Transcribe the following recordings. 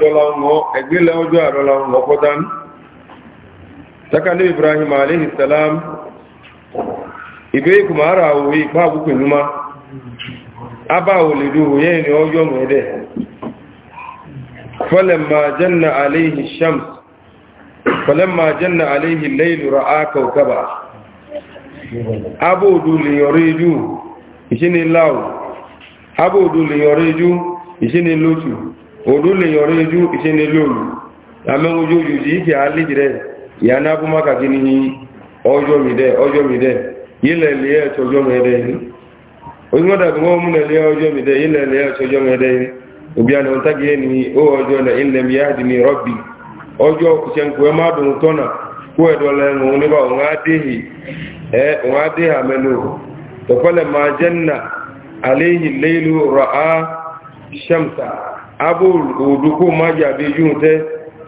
Agri la'aju a l'Awọn Ƙotan, Ṣakali Ibrahim Alayhi Salam, Ibe iku ma ra'awo ya fa bukwun yi ma, Aba wolido ya inu oyo mwere, Kwallon ma janna Alayhi Shams, kwallon ma janna Alayhi Lailu ra'atau ka ba, Abodu liyoreju isi ne lau, Abodu liyoreju isi ne luchu, odo le yoro eju isene lolu ame ojo ojo ji ki ali jire ya na bu maka kini ni ojo mi de ojo mi de ile le e tojo mi de ni o ngo da ngo mu le ojo mi de ile le e tojo mi de ni obi ana on ni o ojo e na in lam yahdini rabbi ojo ku chen ku ma dun tona ku e do le ngo ni ba nga dehi e nga dehi amenu to fala ma janna alayhi laylu ra'a shamsa abul oduku maja bejun te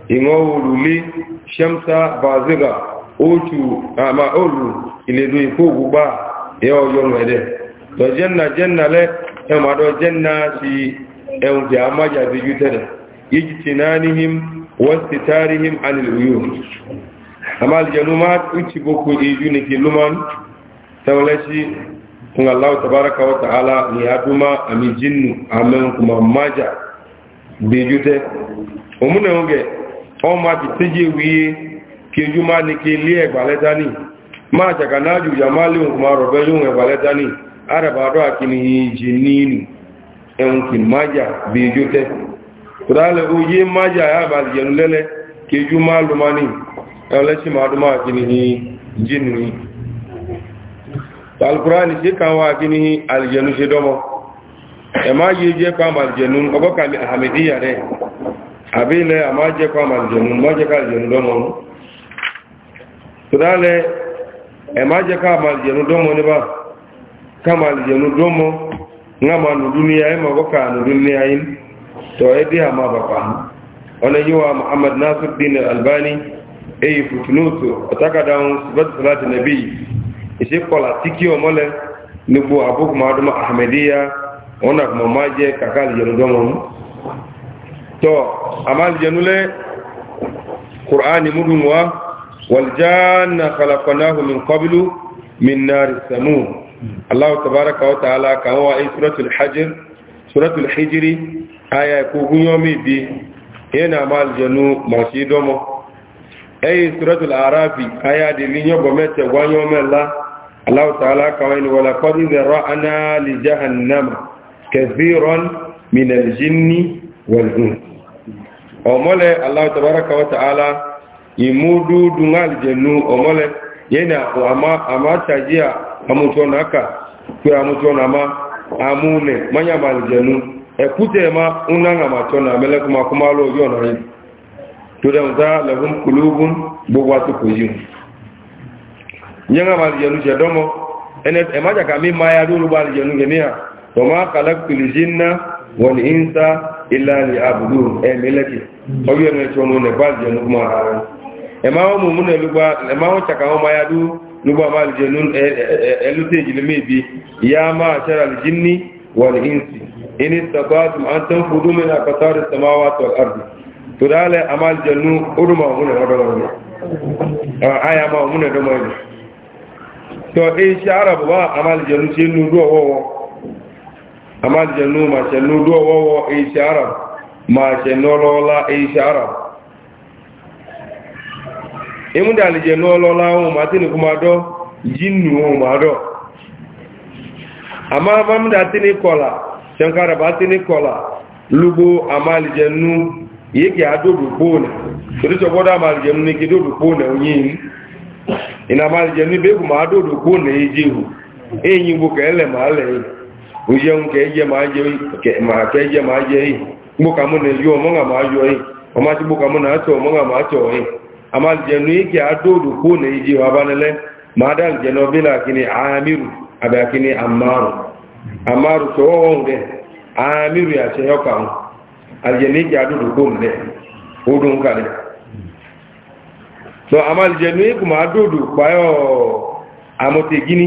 ingo ululi shamsa baziga otu ama olu ile do ipo ya e oyo nwede do jenna jenna le e ma do jenna si e un ti amaja beju te de yijtinanihim wastitarihim anil uyun amal janumat uchi boku iju ni kiluman tawlashi kun Allah tabaraka wa ala ni aduma ami jinnu amen kuma maja gbèjútẹ́ òmúnà oúnjẹ ọmọ àti tíjì wíyé kí ojú máa ní kí ilé ẹ̀gbà lẹ́ta ní máa ṣàkà náà jù yà máa léhùn máa rọ̀ bẹ́ lóhùn ẹ̀gbà lẹ́ta ní àrẹ̀bàdọ́ àkíní ìjì nínú ẹ̀hùn kì májà gbèjútẹ́ tòdálẹ̀ oyé májà àbàlì yẹnu lẹ́lẹ́ kí ojú máa lọ máa ní ẹlẹ́sì alukura ni ṣe kan wá kí ní àlìjẹnu ṣe ẹ̀má yìí jẹ́ pàmà jẹ̀nú ọgọ́kàlì àhàmìdíyà rẹ̀ àbí ilẹ̀ àmá jẹ́ pàmà jẹ̀nú mọ́jẹ́ká jẹ̀nú dọ́mọ́nú tọ́dálẹ̀ ẹ̀má jẹ́ pàmà jẹ̀nú dọ́mọ́ níbà kàmà jẹ̀nú dọ́mọ́ ńlámà nùdúnìyà ẹ̀mọ̀ ọgọ́kà nùdúnìyà yìí muhammad nasir bin albani eyi futunutu ọ̀tákàdáhùn sibẹ́tìsọ́láti nàbí ìṣẹ́kọ̀lá tíkí ọmọlẹ̀ nígbò àbúkùmọ́ àdúmọ̀ àhàmìdíyà wọn nà kùmọ̀ máa jẹ́ kàkà àlìjẹnu dọ́mọ̀ mú tọ́ àmà àlìjẹnu lẹ́ kùránì múdùn wa wàlìjánà kàlàkọ̀náhù min kọbílù min nàrí sàmù aláwọ̀ tàbárakà wata aláka wọn wá ayé suratul hijiri aya kogun yọ mi bi yana ma àlìjẹnu masu yi dọ́mọ̀ ayé suratul arafi aya dìlí yọ bọ̀ mẹ́tẹ̀ wáyọ mẹ́la aláwọ̀ tàbárakà wọn ni wàlàkọ́ كثيرا من الجن والإنس أمولى الله تبارك وتعالى يمودو دنال جنو أمولى ينا أما أما تجيا أموتون أكا كي أموتون أما أمونة ما يعمل جنو أكوتة ما أنعم أموتون أملك ما كمالو يوناي تدمتا لهم قلوب بواتو كيوم ينعم الجنو جدومو ẹnẹ ẹ̀májàkà mi máa yá lórí bá àlìjẹ̀nú gẹ̀mí à وما خلقت الجن والإنس إلا ليعبدون أي ملكي أو ينشون نبال جنوما أما هو مؤمن لبا أما هو تكاو ما يدو لبا ما الجنون ألوتي جلمي بي يا ما شر الجن والإنس إن استطعتم أن تنفذوا من أقطار السماوات والأرض تدال أما الجنون أرمى هنا أرمى آية ما هنا دمائي تو إيش عرب ما أما الجنون سينو دو هو amajanu machanu duowowo eisi arab machanuolola eisi arab imuda e alijanuolola ohun matini kumado jinnu ohun mado ama mamuda tini kola shankaraba tini kola lugbo ama alijanu yeke adodo kpone toríṣọ́ gbọ́dọ̀ ama alijanu ní kí dodo kpone oyin ina ama alijanu ibeku ma adodo kpone ejihu eyin gbogbo ẹlẹ̀ ma lẹ́yìn oyeun kẹjẹ máa jẹ kẹjẹ máa jẹ yìí gbókàmú ní yọ mọ́ngà máa yọ yìí ọmọ tí gbókàmú náà tọ̀ mọ́ngà máa tọ̀ yìí a máa jẹnu ike adóòdù kó ní ìjì abanilẹ́ máa dá jẹnu bílá kìíní àmìrù àbí kìíní àmàrù àmàrù tọ́wọ́ wọn dẹ àmìrù àti ẹ̀yọ́kà wọn àjẹnu ike adóòdù kó ní dẹ ó dún kalẹ̀ so a máa jẹnu ike máa dóòdù pààyọ̀ àmọ́tẹ̀gíní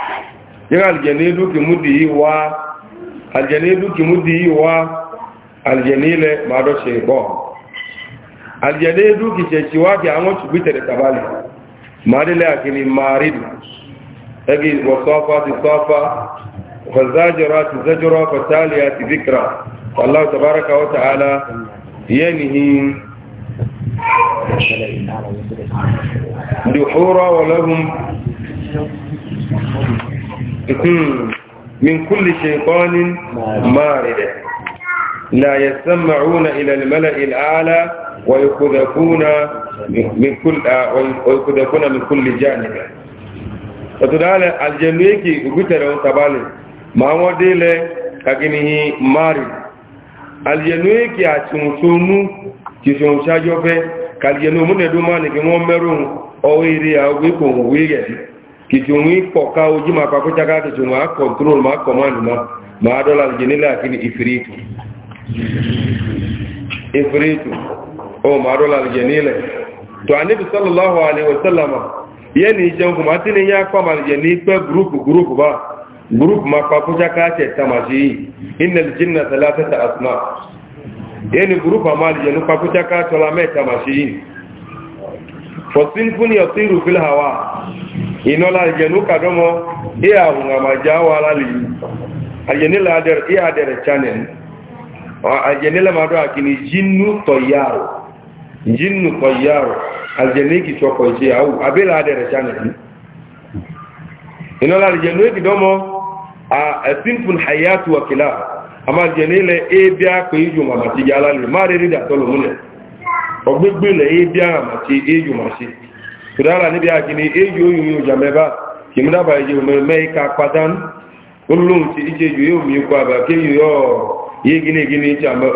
yin aljane duki mudi wa aljane duki mudi wa aljane le ma do se bo aljane duki se ti wa ki awon ti bite de tabali ma de le akini marid egi wa safa ti safa wa zajrati zajra fa taliyati dhikra Allah tabaraka wa ta'ala yanihi دحورا ولهم من كل شيطان مارد لا يسمعون إلى الملأ الأعلى ويقذفون من كل ويقذفون من كل جانب فتدال الجنويك غتر تبالي ما وديل كغنه مارد الجنويك اتشونشونو تشونشاجوبه كالجنو من دوما نكي مو او يري او بيكون kìtùnwí pọ̀ká ojú ma pàkúta ká kìtù ma kọ̀ntúrò ma kọ̀mánu ma ma dọ́là jẹ́nílẹ̀ àkíní ìfìrìtù ìfìrìtù o ma dọ́là jẹ́nílẹ̀ tó a níbi sallallahu alaihi wasallama yẹ́ ni ìjẹun kùmá tí ni yá pàmà jẹ́ ní pẹ́ gúrùpù gúrùpù bá gúrùpù ma pàkúta ká tẹ̀ tamasi inna jinna talatata asma yẹ́ ni gúrùpù ma jẹ́ ní pàkúta ká tọ́lá mẹ́ tamasi fọ̀sínfún yọ̀ sí rùfil inola jenu kadomo iya hunga majawa lali ajenila ader iya ader channel ajenila mado akini jinnu toyaro jinnu toyaro ajeniki choko je au abila ader channel inola jenu kidomo a, a simple hayatu wa kila ama jenile ebia ko ijuma matijala le mare rida tolo mune ogbegbe le ebia amati ijuma si kìdára níbi àkíní èyí oyún mi ò jà mẹ́bá kì mú dábàá ìjẹ òmìnir mẹ́ìka pàdánù olùlóhùn ti ìjẹ ìjọ yóò mi kọ àbà kéyù yọ yé gíní ìjẹ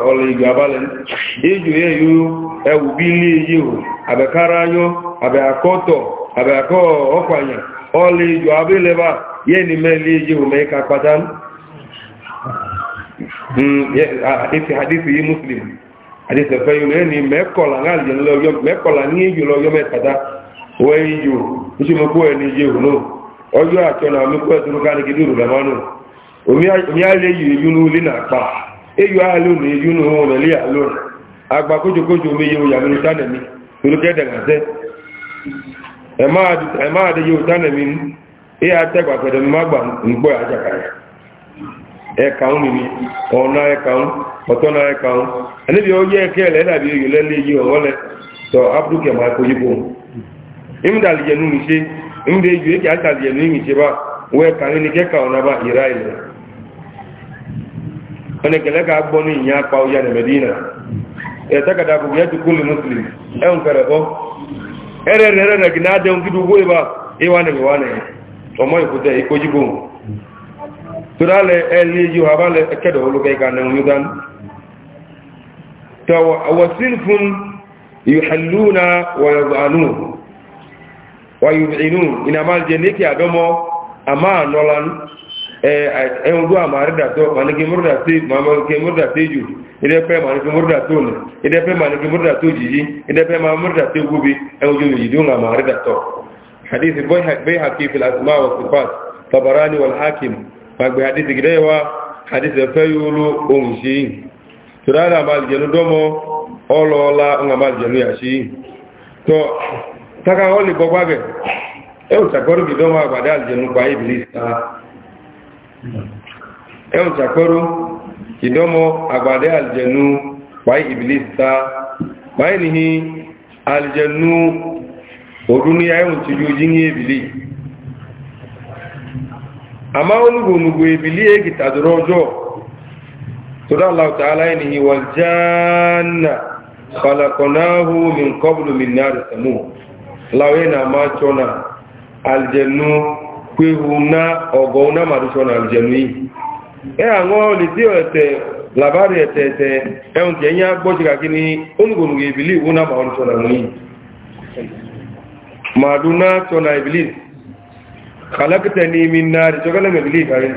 ọ̀lẹ̀ ìjọ abálẹ̀ èyí yẹ yóò ẹwù bí ilé yìí o àbẹ̀kára yọ àbẹ̀akọ́tọ̀ àbẹ̀akọ́ ọ̀pàyàn ọ̀lẹ̀ ìjọ wee iju nchimekwu wee n'iji ehunu ọjọ achọ na omekwu etụrụ karị gị duru na mmanụ omiala eyu eyu n'uli na akpa eyu alụ yi eyu na omeli alụ agba kojokojo omeye ụya mmiri tanemi turuke dengase ẹ̀má àdíyẹ òtánẹ̀mí ní àtẹ́gbà pẹ̀lẹ̀ mọ́gbà ń gbọ́ àjàkàrẹ̀ ẹ̀kàún mímí imda aljanu ni se imda ju yake aka aljanu ni se ba wee ka ni ke ka ona ba iraile ona kele ka gbo ni yan pa o ya ne medina e ta kada bu yatu kulli muslim e on kare bo ere e re re na gina de on gidu go ba e wa ne wa ne o mo iku te iko e jibo turale eli ju habale e kedo lu ke ka ne un yudan to wasilfun yuhalluna wa yadhanun wayubinun ina mal jeneki adomo ama nolan eh en du amare da to man ki murda ti mama ki murda ti ju ide pe man ki murda to ne ide pe man ki murda to jiji ide pe man murda ti gubi en ju ji du amare da to hadith boy bay haqi fil asma wa sifat tabarani wal hakim magbe hadith gidewa domo olola ngamal jenu yashi to taka ọ́ lè gbọgbá bẹ̀ ẹ̀hùn tàkọ́rù bìdánwà àgbàdá àlìjẹ̀nù pa ìbìlì sáà ẹ̀hùn tàkọ́rù ìdánmọ́ àgbàdá àlìjẹ̀nù pa ìbìlì sáà báyìí nìhí àlìjẹ̀nù òdún ní ẹ̀hùn tí yóò jí ní ìbìlì àmá olùgbòmùgbò ìbìlì èkì tàdúrọ̀ ọjọ́ tọ́dá aláwọ̀ta aláìníhí lawe na ma chona aljenu kwehuna ogona maruchona aljenu yi era ngo litio ete labari ete ete eun tenya gboji kakini onugonu ge bili na ma onchona mui maduna chona iblis khalaqtani na nar chogala me bili kare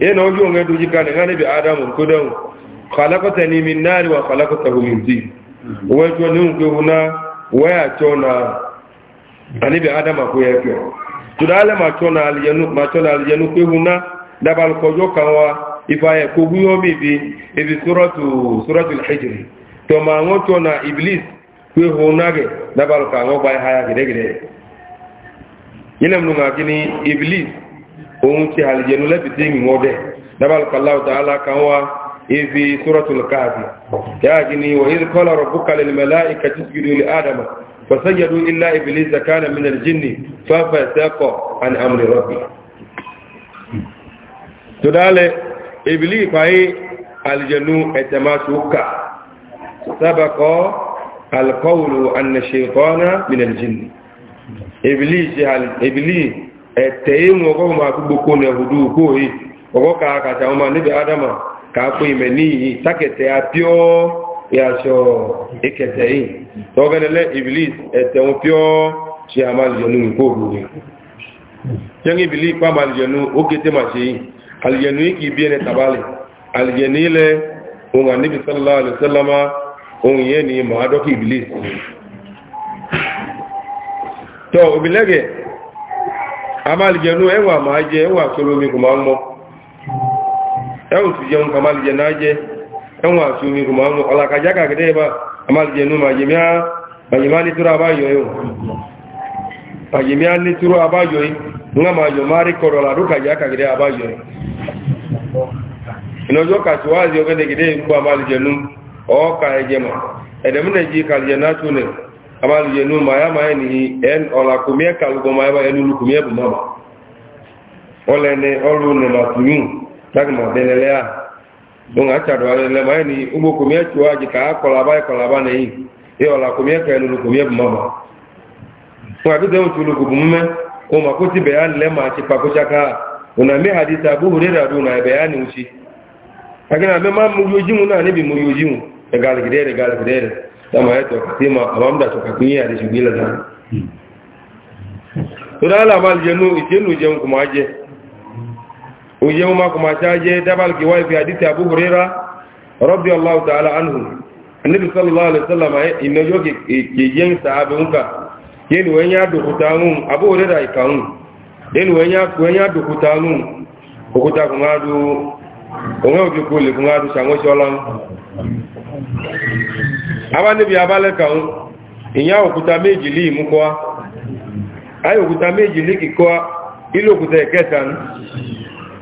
ye no ju nge duji kane ngane bi adam ko dawo khalaqtani min nar wa khalaqtahu min tin mm-hmm. wa chona unke una wa chona anibi adama ko yɛ kɛ tuda ale ma tsɔ na aliyanu ma tsɔ na aliyanu kpehuna dabali kɔjɔ kan wa ifa yɛ kogu yɔ mi bi ebi surɔtu surɔtu hijiri tɔma ŋɔ tsɔ na iblis kpehuna kɛ dabali kan ŋɔ gba yi haya gɛdɛgɛdɛ yɛlɛ mu ŋa kini iblis ohun ti aliyanu lɛ bite ŋɔ dɛ dabali kalaw ta ala kan wa ebi surɔtu kaafi yaa kini wa yiri kɔla rɔ bukali mɛla ikati li adama. فسجدوا إلا إبليس كان من الجن ففسق عن أمر ربي تدال إبليس فهي الجنو اتماسوكا سبق القول أن الشيطان من الجن إبليس إبليس ẹ̀tẹ̀yìn ọgọ́ ma fi gbogbo ní ẹ̀hùdú kó yìí ọgọ́ kàákàtà ọmọ níbi adama kàákó ìmẹ̀ ní ìyí tákẹ̀tẹ̀ apíọ́ yàṣọ ìkẹtẹ̀ yìí tọ́gẹ́nẹ̀lẹ́ iblis ẹ̀tẹ̀wọ̀n píọ́ ṣe àmàlìjẹ̀nú nìkó òrùn yẹn iblis pa àmàlìjẹ̀nú ó kété mà ṣe yìí àlìjẹ̀nú ìkì bí ẹni tàbálẹ̀ àlìjẹ̀nú ilẹ̀ ohun àníbi sọ́lá alẹ́sẹ́lámá ohun yẹn ni màádọ́kì iblis tọ́ òbílẹ́gẹ̀ àmàlìjẹ̀nú ẹwà máa jẹ ẹwà sólómi kò máa ń mọ́ ẹwùn sì jẹun kàmàlìjẹ̀ náà jẹ́ ẹwọ̀n àti omi rùmọ̀ ọmọ ọ̀làkàjá kàkẹ́dẹ́ ẹ̀bá àmàlìjẹ̀nú màyèmí alétúrò àbáyọ̀ yóò màyèmí alétúrò àbáyọ̀ yìí ńlá màyọ̀ má rí kọ̀rọ̀ làdúkàjá kàkẹ́dẹ́ àbáyọ̀ yìí ìnàjọ́ kàtíwáàzì ọgẹ́dẹ̀gẹ́dẹ́ ìgbà àmàlìjẹ̀nú ọ̀ọ́kà ẹjẹmà ẹ̀dẹ̀múnẹ̀jì kàlìjẹ̀nátúnẹ̀ àmàlìjẹ̀nú màyàmáyẹ̀ nìyí ọ̀làkùnmíẹ̀ kàlùgọmọ̀ ẹnú lùkùnmíẹ̀ bùmọ̀ ọlẹ́ni ọlùnẹ̀màtúyùn tágìmọ̀ bẹ̀lẹ̀lẹ́à don a ca dɔwɛrɛ lɛ maa ni umu kumiɛ cuwa ji k'a kɔlaba ye kɔlaba na yi e wala kumiɛ kɛ lulu kumiɛ buma ma nka a bɛ dɛmɛ tulu kubu mɛ o ma ko ti bɛn ya lɛ maa ti pako caka o na mi hadisa buhu de da dun na bɛn ya nin si a kana mɛ maa mu yoji mu na ne mu yoji mu ɛ galigide de galigide de dama ya tɔ ma a b'an da tɔ ka kun ye hadisi gbi la sa. Hmm. to ala b'alijɛ n'o jɛ n'o jɛ kuma jɛ. ويوم كما تاجي دبل كي واي في حديث ابو هريره رضي الله تعالى عنه النبي صلى الله عليه وسلم ان يوك يجين صحابونك ين وينيا دوكتاون ابو هريره يكاون ين وينيا وينيا دوكتاون okuta kungadu onwe oge kule kungadu sango sholam abane bi abale kaun inya okuta meji li mukwa ayo okuta meji li kikwa ilo okuta eketan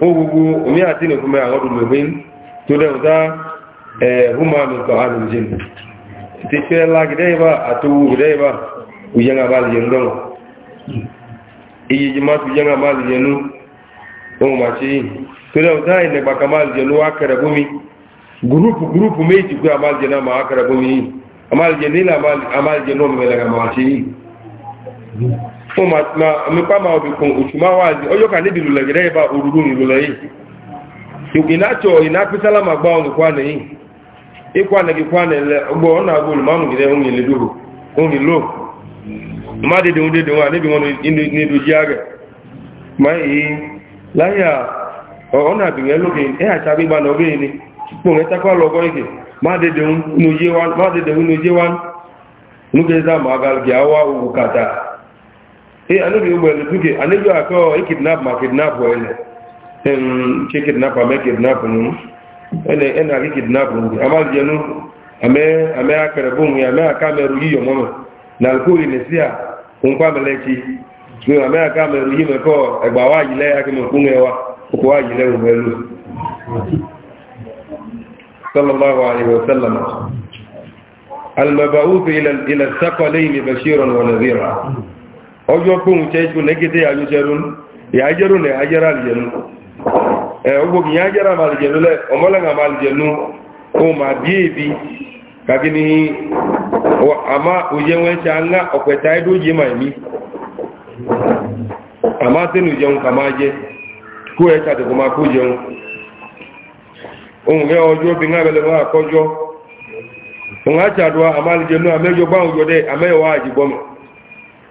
ogugu omi àti nìkúnmẹ́ àwọn olùgbìn tó dẹ̀wọ̀dá ẹ̀húnmàmì kan alìjìn ti fẹ́ lágidẹ́ibá àtòwò gidẹ́ibá òyẹ́ngà bá lè iye jẹ máa tó yẹ́ngà bá lè jẹun ohun ma ṣe yìí tó dẹ̀wọ̀dá ìnẹ̀gbàkà bá lè jẹun wá kẹrẹ gómi gúrùpù gúrùpù méjì pé a máa lè jẹun àmà kẹrẹ yìí a máa lè nílẹ̀ a máa lè jẹun ọmọ fún mẹ́pá máa bí kún òṣùmá wá sí ọjọ́ kan níbi lulẹ̀ gẹ́rẹ́ ìbá orúgbó ìlúlẹ̀ yìí ìnáàtọ̀ ìnáàpísálàmà gbá ọ̀nà kwánà yìí ikú ànàgì kwánà ilẹ̀ ọgbọ̀ ọ̀nà àgbò olùmọ́mù gẹ́rẹ́ ohun ìlú dúró ohun ìlú má dédé ohun dédé wọn níbi wọn ní ìlú jí ààrẹ má èyí láyà ọ̀nà àbìyàn lókè eh anabi yo mwele tuke anabi akawa kidnap ma kidnap wale en che kidnap ma kidnap nu ene ene ali kidnap nu ama jenu ame ame akere bun ya ame akameru yiyo mama na alkuri nesia unkwa meleki ni ame akameru yi meko egba wa yile akime kunge wa ko wa yile umelu sallallahu alaihi wasallam المبعوث إلى الثقلين بشيرا ونذيرا ọjọ́ kóhun tẹ́jú lẹ́gẹ́dẹ́ àjọjẹrún ìyájẹ́rún lẹ́ ajẹ́rà àlìjẹ̀nú ọgbogbo ìyá ajẹ́rà àlìjẹ̀nú lẹ́ ọmọlẹ́gà àlìjẹ̀nú ohun ma bí èbí kàbí ní àmá òye wọn ṣe aná ọ̀pẹ̀ta ẹdójì ma ẹ̀mí àmá sínú jẹun kà máa jẹ kó ẹ ṣàtẹ̀kọ́ máa kó jẹun ohun rẹ ọjọ́ bí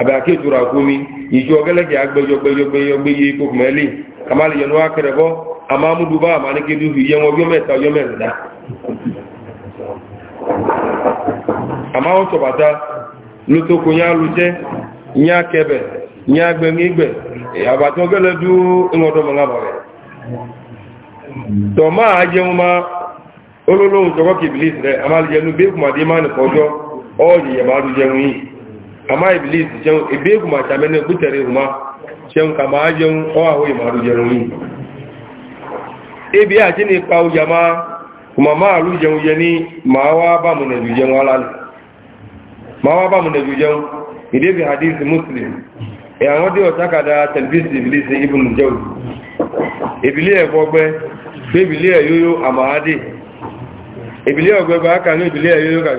abe ake tura kumi iju ogele ki agbejo gbejo gbejo gbejo iko kumeli kamali yenu akere ama mudu ba ama ni kedu fi yen ojo ama o tobata lu to kunya lu nya kebe nya gbe ni du ma aje ma ololohun jogo re amali yenu di man ko jo o ye ma kama iblis jan ebe guma ta mene butere guma jan kama jan owa hoyi maru jerumi ebi aje ni pa ujama kuma ma alu uje ni ma wa ba mu ne uje wala ma wa ba mu ne ide bi hadisi muslim e awon de o takada talbis iblis ibn ibilia ibili e ibilia e yoyo amade ka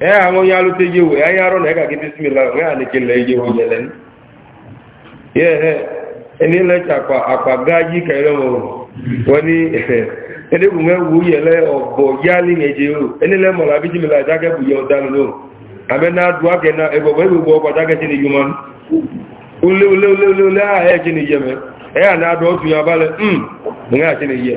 e ahụ onye alụta ejewu anya arụ na ga-aga bisimila a na-ekele akpa ka bu wu yali o enele hmm, mo la biji mila jage bu yo danu no abe na du age na ebo bo ebo bo jage ti ni human ule ule ule ule a he ti ni yeme e na do tu ya bale nga ni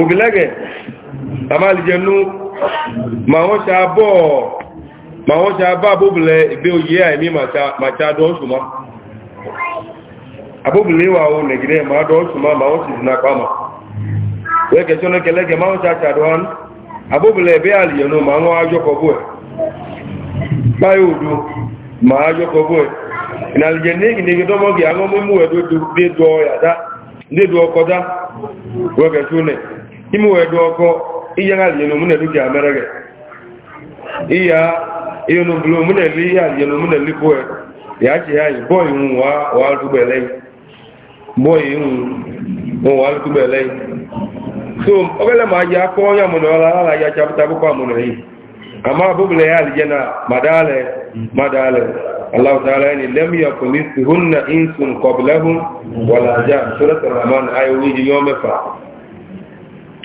ògìlẹ́gẹ̀ àmàlìjẹnú ma wọ́n ṣe abọ́ ma wọ́n ṣe abá abóbìlẹ̀ ìgbé oyé àìmí màṣá dọ́ọ̀ṣùmá abóbìlẹ̀ wà ó nẹ̀gìdẹ̀ ma dọ́ọ̀ṣùmá ma wọ́n sì dìna pàmà wẹ́kẹ̀ṣọ́nẹ́kẹ̀lẹ́gẹ̀ ma wọ́n ṣe àṣàdọ́wán abóbìlẹ̀ ẹ̀bẹ́ àlìyẹnú ma wọ́n ajọ́kọ̀bọ̀ ẹ̀ báyìí òdo ma ajọ́kọ̀bọ̀ ẹ̀ ìnàlìjẹ̀ ní ìgbìnigidọ́mọ́gì àwọn mímú ẹ̀ ime wee du ọkọ ihe ha liye n'omu na amere gị ihe n'obulu omu ihe ya ji ya yi bọyị nwu bọyị so obele ma ya akọ onye amụna ọla ala ya chapụta bụkwa amụna yi amma bubula ya aljana madale madale Allah ta'ala ni lam insun qablahum wala jan rahman yawma fa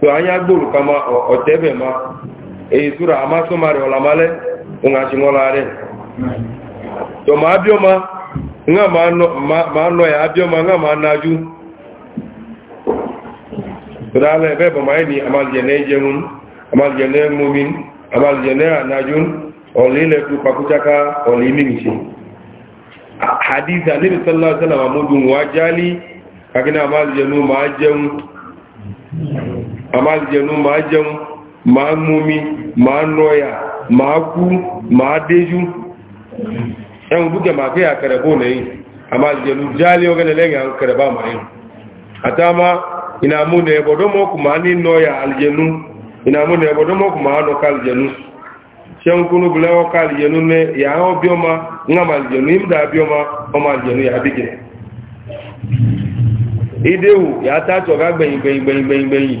to anya gboro kama ọtẹbẹ ma èyí túra amásọmarẹ ọlamalẹ ńláṣí wọn láàrẹ to ma abíọma ńlá ma nọ ya abíọma ma nájú tọ́dálẹ̀ ẹ̀bẹ́ bọ̀má ẹni amálìjẹ̀nẹ́ jẹun amálìjẹ̀nẹ́ mọ́min amálìjẹ̀nẹ́ ànájú ọ̀lẹ́lẹ̀ tó pàkútáká ọ̀lẹ́ mímìṣẹ́ hadith alẹ́bẹ̀sọ́lá sẹ́lá ma àmàlìjẹnu máa jẹun máa múmi máa nọ́yà máa kú máa déjú ẹ̀hùn búkẹ̀ máa fẹ́ àkẹrẹ bó nẹ́yìn àmàlìjẹnu jálé ọgẹ́lẹ̀ lẹ́yìn àkẹrẹ bá máa yìn àtàmà ìnàmúnẹ̀ ẹ̀bọ̀dọ́mọ́kù máa ní nọ́yà àlìjẹnu ìnàmúnẹ̀ ẹ̀bọ̀dọ́mọ́kù máa nọ́ kàlìjẹnu sẹ́wọ́n kúrò bí lẹ́wọ́ ká àlìjẹ̀nú ní ma bí ọmọ ńlá àlìjẹ̀nú ìmúdà bí ọmọ ọmọ àlìjẹ̀nú ìyàbíjẹ̀ ìdéwù ìyàtàtọ̀ ká gbẹ̀yìn gbẹ̀yìn gbẹ̀yìn gbẹ̀yìn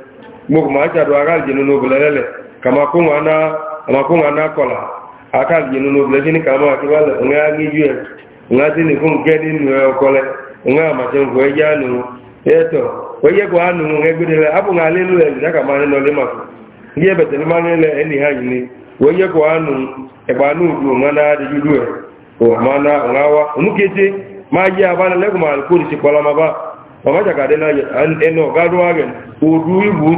mo kuma acha do aga jinu no bulele kama ko ngana kama ko ngana kola aka jinu no bulele ni kama ki wala nga ngi ju nga ti ni kun gedi o kole nga ma chen ko ya nu eto ko ye ko anu nge gudele abu nga le lule kama no le ma ngi be te ma ni le eni ha ni ko ye ko anu e ba nu du nga na de ju o mana nga wa mu kete ma ji abana le ko ma ko ni si kola ma ba ọmọjàkadé náà ẹnu ọ̀gá ló wà rẹ̀ òdu ìwú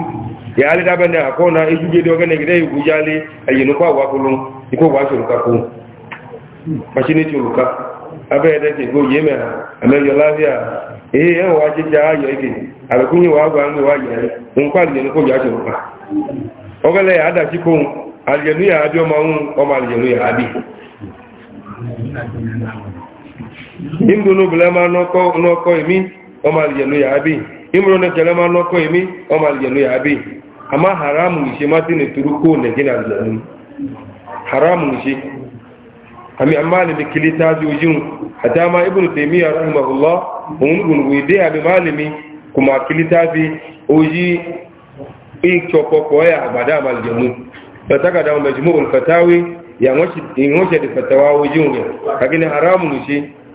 na dábẹ́ ní àkọ́nà ejúgbédé ọgẹ́nẹ̀gẹ́dẹ́ ìwú yálé ẹ̀yìnúkọ́ àwákúlú ikú wà ṣòlùkà kú maṣíní ti olùkà abẹ́ẹ̀dẹ́ ti gbó yé mẹ́ra àmẹ́yọ láfíà èyí ẹ̀wọ̀n wá ike ọmọ alìyẹ̀lú yàábì ìmúrò ní kẹlẹ́ máa lọ́kọ́ èmi ọmọ alìyẹ̀lú yàábì àmá haramu ìṣe má tí ní turukó nàìjíríà alìyẹ̀lú haramu ìṣe àmì àmá alìmí kìlí táàzì ojúun àti àmá ibùn tèmí arahimahulọ́ òun gbùngbù ìdí àmì má alìmí kò má kìlí táàzì ojí ìtsọpọpọ ẹ̀ àgbàdá àmà alìyẹ̀lú pẹ̀tàkàdà ọmọ ìjùmọ̀ olùfẹ̀táwé ìyàwó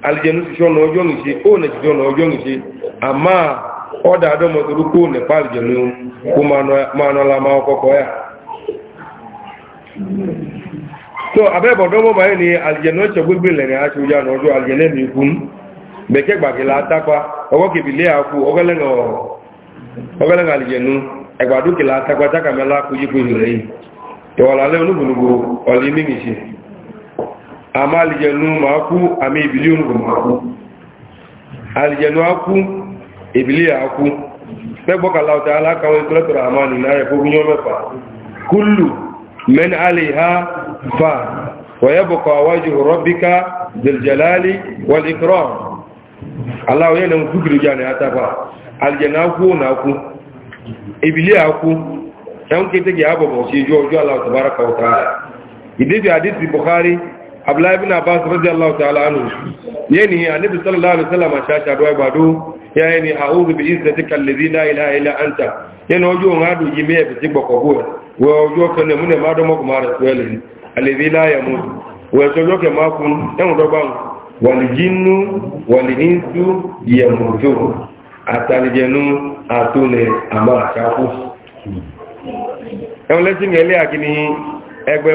alijanu ti sọ́nà ọjọ́ ìṣe ó nà ti sọ́nà ọjọ́ ìṣe àmá ọ́dà àdọ́mọ̀tòrú kó nẹ̀pá alijanu kó máa nọ́lá máa ọkọ̀kọ̀ yà so abẹ́bọ̀dọ́mọ̀ máa ní alijanu ọ̀ṣẹ́ gbogbo ìlẹ̀rìn aṣọ ìyá nà ọjọ́ alijanu ẹ̀mí ikún bẹ̀kẹ́ gbàgìlá atápa ọwọ́ kèbìlẹ̀ àkú ọgọ́lẹ́ngà alijanu ẹgbàdókèlà atápa tákàmẹ́lá kó yípo ìlẹ̀ yìí ìwọ̀lálẹ́ onúgbùnugbò ọ̀lẹ́ mímìṣẹ́ àmá alìjẹnu máa kú àmì ìbílí òǹkò máa kú alìjẹnu á kú ìbílí á kú pẹ́gbọ́kàlá ọ̀tẹ́ alákàwọn ìtọ́lẹ̀tọ̀rọ̀ àmá nìlá ẹ̀kọ́ gúnyọ́ mẹ́fà kúlù mẹ́ni alìhá fà wọ̀yẹ́bọ̀kọ̀ àwájú rọ́bíkà jẹ̀lẹ̀lẹ́lẹ́ wọlìkọ́rọ̀ aláwọ̀ yẹn lẹ́nu kúkìrì jà ní àtàfà alìjẹnu á kú náà kú abdullahi ibn abbas radiyallahu ta'ala anhu yeni annabi sallallahu alaihi wasallam shasha do ibadu yani a'udhu bi izzatika alladhi la ilaha illa anta yeni ojo ngadu jime bi ti gboko bo we ojo kene mune ma do mo ko mara swele alladhi la yamut we ojo ke ma kun en do ba wal jinnu wal insu yamutu atalijenu atune ama shafu en lesi ngele akini egbe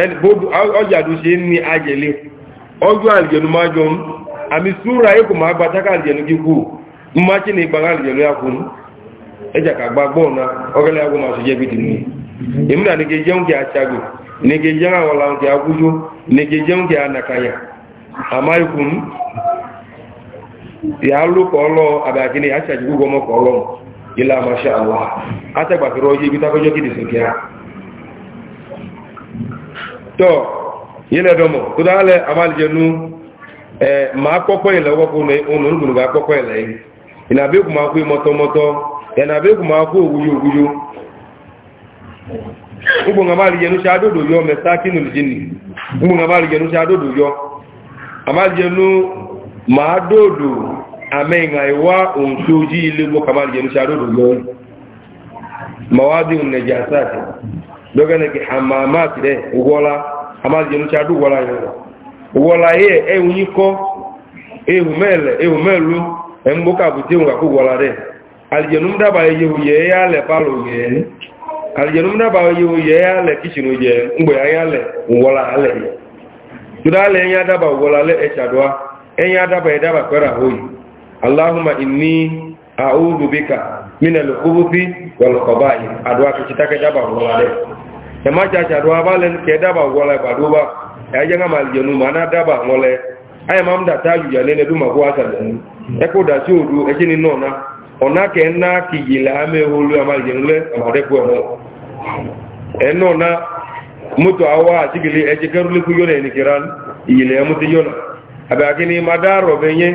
ẹni gbogbo ọjàdó ṣe ní ajẹ̀lé ọjọ́ àlìjẹ̀nu máa jọ ń àmì súra ikú máa gba tákà àlìjẹ̀nu kíkú máa tí ní ìgbàgbà àlìjẹ̀nu yàkùn ẹjà kàgbà gbọ́ọ̀nà ọgẹ́lẹ́ yàgùn máa ṣe jẹ́bi nìyí èmi náà nìke jẹun kí aṣágo nìke jẹun àwọn làwọn kí agújó nìke jẹun kí anàkàyà àmà ikùn ìyálòpọ̀ ọlọ́ àbàkíní aṣàjì gbogbo ọmọkọ̀ ọlọ́run ilá àmàṣà àwọn atẹ́gbàfẹ́rọ yé ibi tákọ́jọ́ kìdìsìn kíá tọ yẹlẹ dọmọ tó dáa lẹ amalijanu ẹ máa kọkọ yẹn lẹ wọkọ ọnà onúgbònú kọkọ yẹn lẹ yìí ìnàbẹ kò máa mọtọmọtọ ìnàbẹ kò máa òwúyọ òwúyọ ṣe adódò yọ mẹta kínú lìjìnì ṣe adódò yọ yọ dɔgɔnɛ ki amaama tirɛ wɔla amadiɛnutsi adu wɔla yɛ lɔ wɔla yɛ ɛwunyi e kɔ ehumɛlɛ ehumɛlu ɛnugbɔ e kabute ŋun kakó wɔla dɛ alidiɛnum daba yewu ya le palo yɛ alidiɛnum daba yewu yɛ yalɛ kitsinu ya ŋgbɛ yalɛ wɔla e alɛ yɛ tuda alɛ ɛnya daba wɔla lɛ ɛtsadoa ɛnya daba yɛ daba kpɛra hoyi alahuma inni ahudu bika. min al-khubuthi wal khaba'ith adwa kitaka jaba wala de jama cha cha adwa balen ke daba wala ba duba ya janga mal jonu mana daba ngole ay mam da taju ya nene duma ko asa den e ko da si odu e jini nona ona ke na ki yila me holu amal jenule amade ko mo e nona mutu awa sigili e jikaruli ku yone ni kiran yile mutu yona abakini madaro benye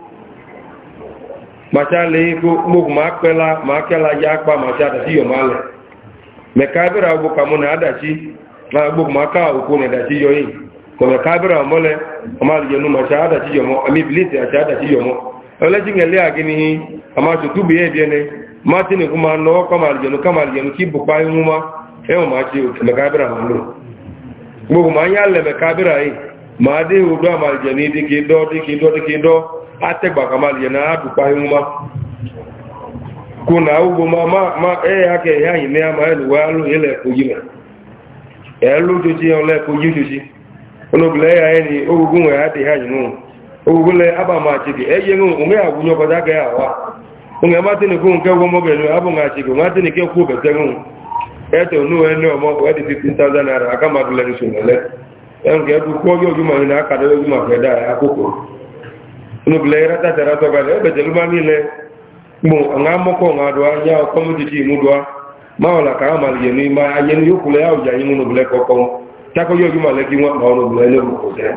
macha le ko mogu ma pela ma kela ya pa macha da ti yo male me kabira bu kamuna ada chi ma bu ma ka o ko ne da ti yo yi ko me kabira mo le o ma je nu macha ada ti yo mo ami bilite acha ada ti yo mo ole ji ngele agini ama tu tu biye biye ne ma ti ne kuma no ko ma je nu ka ma je nu ki bu pa yu ma e o ma ti o me kabira mo lo mogu ma ya le me kabira yi ma de u do ma je ni di ki do di ki do di ki do atẹ́gbà kàmàlì yẹn náà dùpa ihun ma kò náà ogbò ma ẹ̀yẹ akẹ́ ìyá yìí ní àmà ẹ̀lùwà ilẹ̀ kogi mẹ́ ẹ̀lú jòjì ọlẹ́ kogi jòjì olóbìnrin ẹ̀yà ẹni ogogun ẹ̀ àti ìyá yìí nù ogogun lẹ abàmà àtìkì ẹ̀yẹ nù òun yà wúnyọ kọjá kẹ́ àwa òun yà má tẹ́ni kó nǹkẹ́ wọ́n mọ́gẹ̀ nù abùn àtìkì òun tẹ́ni kẹ́ kó bẹ̀tẹ́ nubile rata tara to gale be jelu ba mile mo nga mo ko nga do anya ko ti mu do ma la ka ma ye ni ma anye ni yokule ya o ja yin nubile ko ko ta ko yogi ma le ki ma o nubile le ko se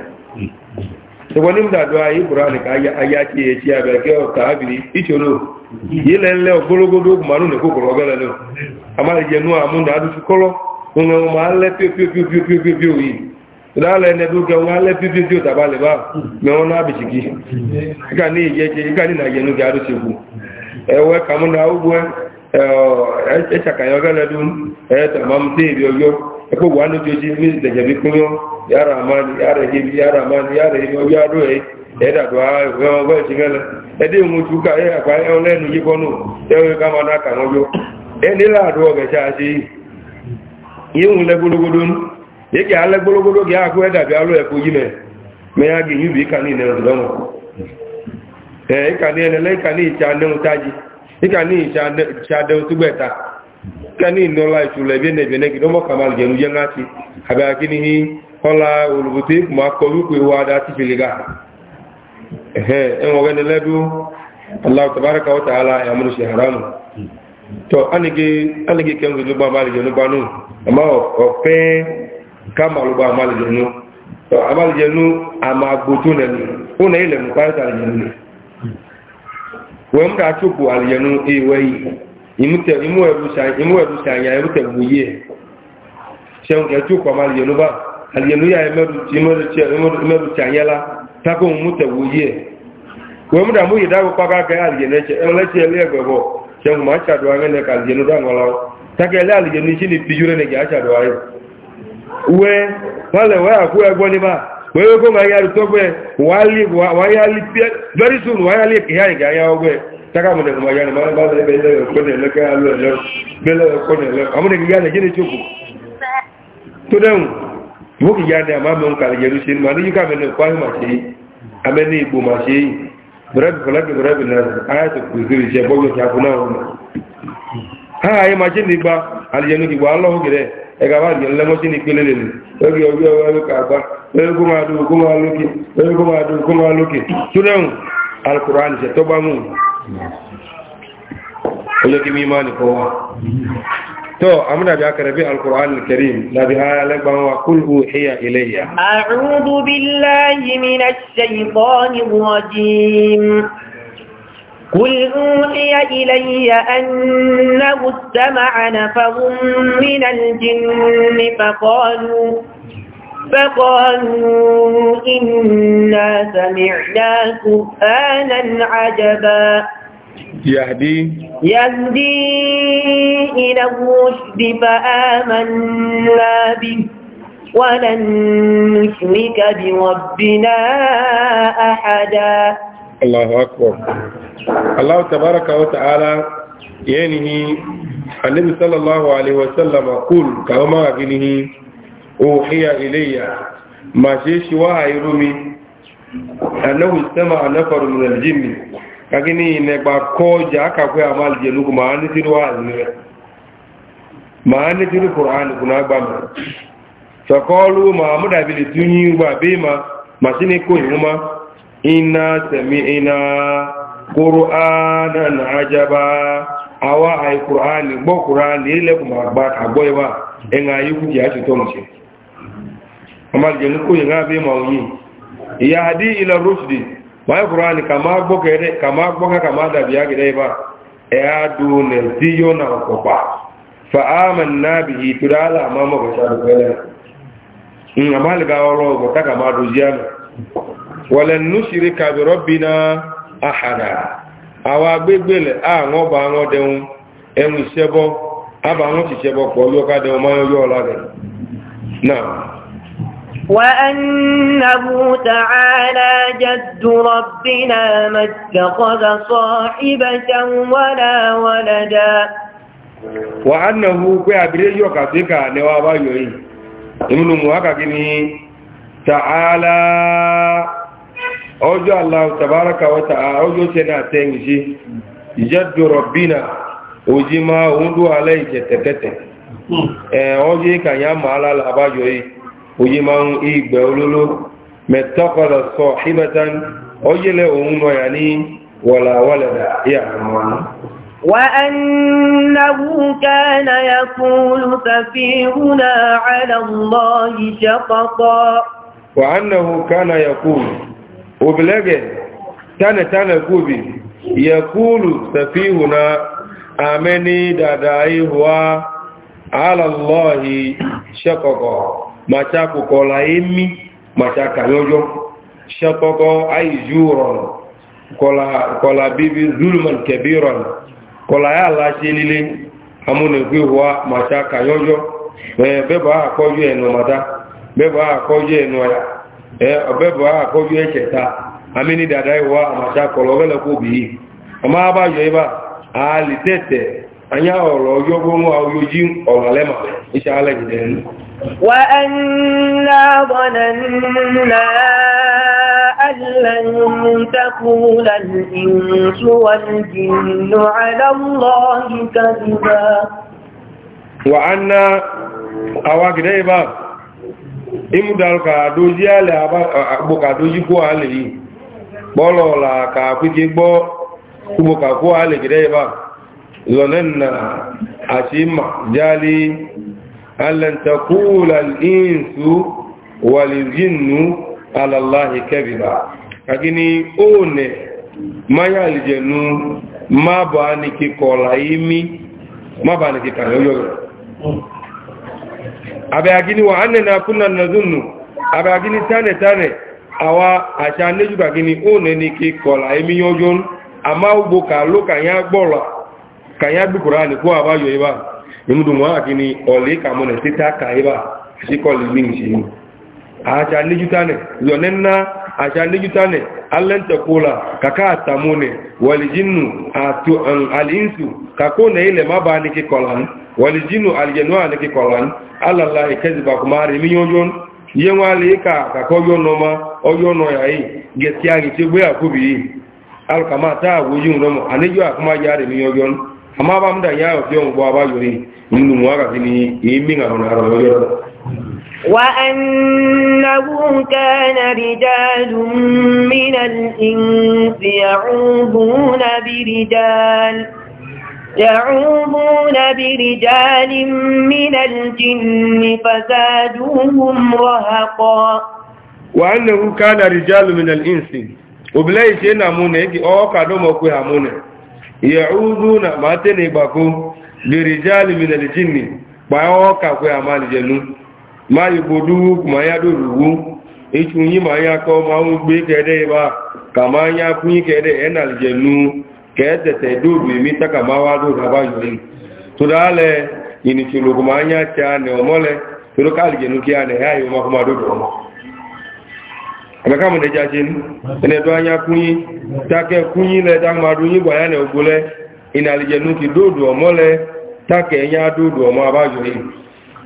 to woni do ayi qur'an ka aya aya ti e ti abe ke o ka abiri le le nle ogologodo ma nu ne ko ko gele le amari je nu amu da du kolo ngo ma le pio pio pio pio pio pio ìdáàlẹ̀ ẹni ẹ̀dọ́ gẹ̀wọ́ alẹ́ bíbí bí òtàbà lè bá mẹ́wọ́n náà bìṣìkí ìkà ní ìyẹ́jẹ́ ìkà ní ìnàyẹnú gẹ̀ àdúṣẹ́gbù ẹwẹ́ kàmúnà ọ ẹ̀ṣàkàyọ́gẹ́lẹ́dún ẹ̀ẹ́tàmàmùtí ìbí ọjọ́ ẹ̀kọ́ wà ní ojú ní ìdẹ̀jẹ̀bí kúnyọ́ ọgbọ́ yake ala gbologolo e gị e akụ eda bịa alụ ekwu yi me ya ga-enye ubi ịka niile ọzọ ọnụ ee ịka niile le ịka n'icha anenwụta ji ịka n'icha ade otugbo eta ịka niile ọla ichụla ebe na-ebe negide ụmụ ga-enwu je abịa gị n'ihi ọla olubuto ikwu akọ ukwu iwu ada tichiri ga ee enweghị neledu allah tabaraka wa ta'ala ya mụrụ shi haramu to anigi anigi kenzu lugba kama ọlọ́gbọ́ iwe amálìjẹnú a máa gbótó nẹnu ó nẹ ilẹ̀ mùpá ẹ̀ta àlìjẹnú nẹ wọ́n mú àtúkù àlìjẹnú ya yìí imú ẹ̀rù ṣàyà ẹ̀rù tẹ̀gbù yìí ẹ̀ ya kẹtùkù amálìjẹnú bá àlìjẹnú yà ẹ̀mẹ́rù ṣàyà la tákò mú tẹ̀gbù yìí ẹ̀ wọ́n mú dàmú yìí dáwọ́ pákákẹ́ àlìjẹnú ẹlẹ́ṣẹ̀ ẹlẹ́gbẹ̀bọ̀ ṣẹun máa ṣàdọ̀ wee wale wee akwụ egbo n'ime wee wego ma ya rutogwe very soon waya lip ihe anyị ga taka mụ na ya na mara mmadụ ebe ga na-ele ka alụ ele bele ekwe na-ele na gịnị chukwu todenwu m na na ha anyị igba alijenu gị gba alọhụ ẹ̀ka bá jẹ́ lẹ́mọ́sí ní pélé lè lórí ọjọ́ ọlọ́kà àgbá lórí kó máa dùn kó máa lókè lórí kó máa dùn kó máa lókè túnẹ̀hùn alkùránì ṣẹ̀ tó bá mú ọjọ́ kí mímá nìkan wá to amna bi akara bi alquran alkarim la bi ilayya a'udhu billahi minash shaitanir rajim قل أوحي إلي أنه استمع نفر من الجن فقالوا فقالوا إنا سمعنا قرآنا عجبا يهدي يهدي إلى الرشد فآمنا به ولن نشرك بربنا أحدا Allahu akbar. Allah tabaraka wa ta'ala yanihi annabi sallallahu alaihi wa sallam kul kama ginihi uhiya ilayya ma she shi wa ayrumi annahu sama nafar min aljinn kagini ne ba ko ja aka ku amal je lugu ma ni tirwa ne ma ni tir qur'an kuna ba ma fa qalu ma mudabil ba bima ma sine ko yuma inna sami'ina qur'anan ajaba awa ay qur'ani bo qur'ani le ko magba agboy wa en ayi ku ti ati to nse amal jenu ko yin abi mawyi ya hadi ila rushdi wa qur'ani kama gbo kere kama gbo ka kama da biya wọ̀lẹ̀ nùsìrí kàbìrọ̀ bí na àhàrà àwọn agbégbèlẹ̀ àwọn ọba àwọn ọdẹun ẹ̀rùn ìṣẹ́bọ́ àbà wọn ti pọ̀ yọ dẹun máa yọ ọ̀la rẹ̀ náà. وأنه تعالى جد ربنا ما اتخذ صاحبة ولا ولدا وأنه كي أبريد يوكاسيكا ka ne wa ta'ala ọjọ́ aláwọ̀ tàbárakà wata a ọjọ́ tẹ́ náà tẹ́yìn sí ìjẹ́dọ̀rọ̀ bínà òjí máa ń ló alẹ́ ìjẹ̀tẹ̀kẹ́tẹ̀ ọjọ́ ìkàyà máa lára àbájọ máa ń ìgbẹ̀ olóló mẹ́tọ́kọ̀lọ̀ sọ ìbẹ̀tán ọjọ́lẹ̀ òun nọ̀yà ní wọ̀làwọ̀lẹ̀dà وبلغن تانا تانا كوبي يقول سفيهنا آمني دادائي هو على الله شقق ما تاكو قولا إمي ما تاكا يوجو شقق أي جورا قولا, قولا بيبي ظلما كبيرا قولا يا الله شليلي أمون في هو ما تاكا يوجو بيبا أكوجو إنو ماتا بيبا أكوجو إنو ọ̀bẹ́bọ̀ àkọ́jú bụ ta amíní dada ìwà àmàṣà kọ̀lọ̀ ọ̀gẹ́lẹ̀kọ́ òbí i ọmọ abájọ ibá àálì tẹ́tẹ̀ anyá ọ̀rọ̀ ọjọ́gbọ́n oyojí ọ̀rọ̀ alẹ́mà iṣẹ́ alẹ́jìdẹ̀ ẹnu. wà á ná na na ịmụdalụ ka adoji alị agbụ ka adoji kwuo alị yi kpọlọla ka akwụji gbọ ugbo ka kwuo alị gide ebe a zonen na achima jali alantakula insu ala alallahi kebiba agini one manya alijenu mabani kikola imi mabani kikana yoyo agini wa annana kunna nazunnu abẹ́agini tane tane awa aṣa nejuba gini o ne ni ki kọla emi yọjọn kanya gbọ́la kanya gbikura ni kó abayọ iba imudunwa gini ọlẹ́ kamọ́nà títà ka iba sí kọlu mi nìṣe aja lejutane lonenna aja lejutane allanta kula kaka ne walijinu atu an alinsu kakona ile mabani ki kolan walijinnu aljanwa ne ki kolan allah ikazba kuma re miyojon yenwa le ka kakoyo noma oyo no yayi getia gi tegbe akubi alkama ta wujun nomo anejo akuma jare miyojon amma ba mda yawo fiyon gwa ba yori ndu mwaka kini iminga na ro yoro وَأَنَّهُ كَانَ رِجَالٌ من الْإِنْسِ يَعُوذُونَ بِرِجَالٍ يَعُوذُونَ بِرِجَالٍ من الْجِنِّ فَزَادُوهُمْ رَهَقًا وَأَنَّهُ كَانَ رِجَالٌ من الْإِنْسِ وبلاي شيء نمونه أو كانوا مكوه نمونه يعوذون ما تنبكوا برجال من الجن ما أو كانوا مالجنون ma igbodu ma ya dorugu ichu yi ma ya ko ma un gbe kede ba kama ya kun kede enal jenu kede te dodu mi taka ma wa do ba yi to dale ini chulu ma ya cha ne omole to kal jenu kia ne ya yo ma kuma do do mo ne jajin ne do anya kun take kun le dang ma du yi gba ne ogule inal jenu ki dodu omole take ya dodu omo aba yi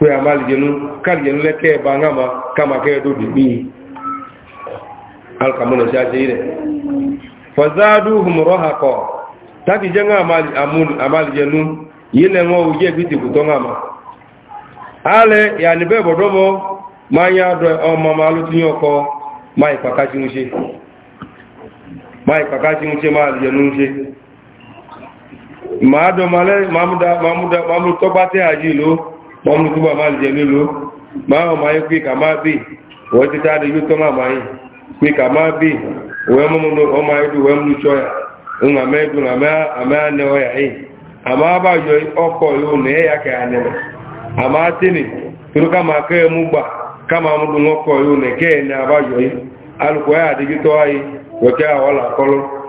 pé a máa lè jẹnu káàdì jẹnu lẹ́kẹ́ ẹ̀bá ńgá ma káàmà kẹ́ẹ̀dọ́ dìbí alkamuna ṣe ṣe rẹ̀ fọ̀zádù hùmọ̀rọ̀ àkọ́ tàbí jẹ́ àmàlìjẹnu yìí lẹ́ wọ́n ojú ẹ̀bí tìkùtọ́ ńgàmà alẹ́ ìyànibẹ́ bọ̀dọ́mọ́ máa yá dọ̀ ọmọ máa ló tún yọkọ máa ìpàkáṣí ń ṣe máa lìjẹnu ń ṣe máa dọ̀ máa mú mọ́mú tó bá máa jẹ lélo máa ọmọ ayé pé kà máa bè wọ́n ti tá a lè yóò tọ́ màmá yìí pé kà máa bè wọ́n mú ọmọ ayé dùn wọ́n mú tsọ́ ń àmẹ́ dùn àmẹ́ anẹ́ ọ̀yà eh. yìí àmọ́ abájọ ọkọ̀ yóò nà ẹ̀yà kẹ́ ká máa kẹ́ ẹ mú gbà ká máa mú dùn ọkọ̀ yóò nà ẹ̀ ní yìí alùpùpù àdéjútọ́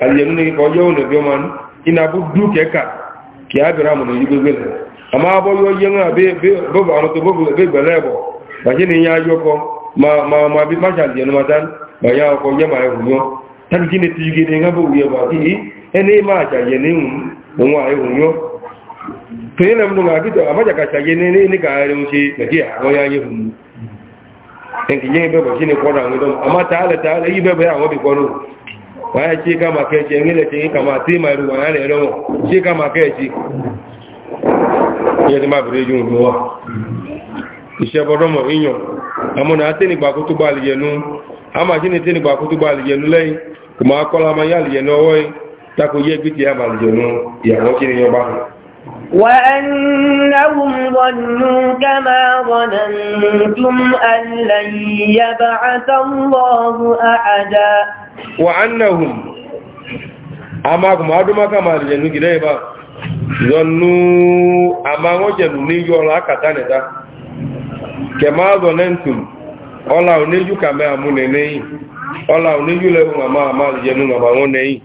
aljannu ne ko yo no be ina bu duke ka ki abira mu ne yugo gele amma bo yo yenga be be bo ba no to bo be gele bo ba ji ni ya yo ko ma ma ma bi ma jal jenu matan ba ya ko ma hu yo tan ji ne ne ga bo ye ba ki ene ma ja ye ne mu wa yo to ga amma ja ka ja ye ne ne mu ci ga ji ya ye en ki ye be ba ji ne yi be ba ya wo bi ko no waya chika makechi engile chingi kama tima iruwa ma elomo chika makechi yeti mabiri ju nduwa ise bodomo inyo amona atini gba kutu ba alijenu ama jini tini gba kutu ba alijenu lei kuma akola ma ya alijenu owoi tako ye gbiti ya ma alijenu ya wa annahum amma kuma aduma kama da jenu gida ba zannu amma wajen ne yo la kata ne da kema zonentum ola oneju kama amune ne ola oneju le ma ma ma jenu ma won ne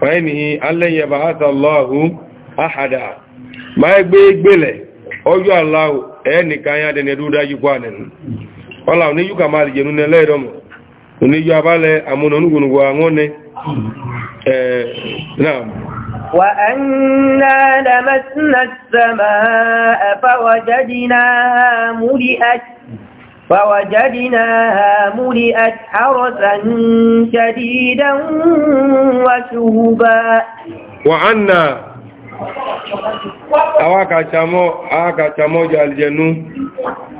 fa'ini allan yab'atha allah ahada ma gbe gbele ojo allah enikan ya de ne du daju kwa ne ola oneju kama jenu ne le do mo oníjọ abálẹ̀ àmúnanúgbònúgbò àwọn ní náà wà ánà lámẹ́sìnà sẹ́mà fàwàjẹ́dìnà múrí àtàrọ̀sàn ṣàdídàn wàṣùgbà wà ánà àwákàtàmọ́ jàlìjẹ̀nú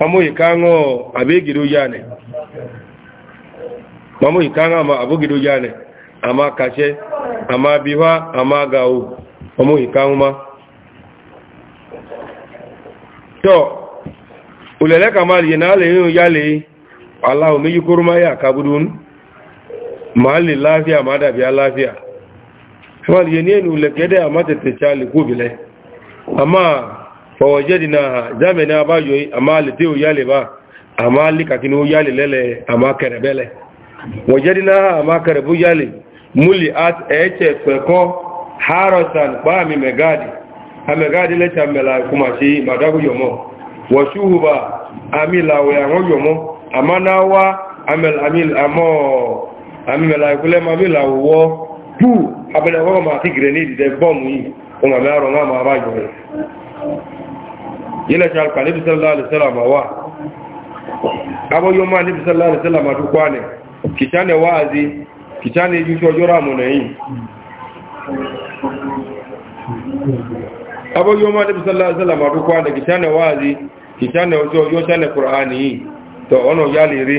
mamoyi kango abe gido jane mamoyi kango ma abu gido jane ama kashe ama biwa ama gawo mamoyi kango ma to ulele kamal yana le yin yale Allahu mi yukurma ya kabudun mali lafiya ma da biya lafiya kamal yana ne ulekede ama tete chali kubile ama فوجدناها زمنا باجوي اما لتيو يالي با اما لكاكينو يالي لله اما كربله وجدناها اما كربو يالي مولي ات اتش فكو حارسان بامي مغادي amegadi lecha mela kumashi madagu yomo washuhuba amila wayango yomo amanawa amel amil amo amela kule mamila wo pu abele ko ma ti grenade de bomb yi o ma ma ro ma ma ba yo yílẹ̀ ṣe alùkà níbi sẹ́lá alìsẹ́làmà wà abọ́yọ́má níbi sẹ́lá alìsẹ́làmà tó kwá nẹ̀ kìtà nẹ̀ wá àzí kìtà nẹ̀ ibi ṣọjọ́ ràmù nẹ̀yìn abọ́yọ́má níbi sẹ́lá alìsẹ́làmà tó kwá nẹ̀ kìtà nẹ̀ wá àzí kìtà nẹ̀ ọjọ́ yóò ṣẹlẹ̀ kùrán yìí tọ̀ ọ̀nà yà lè rí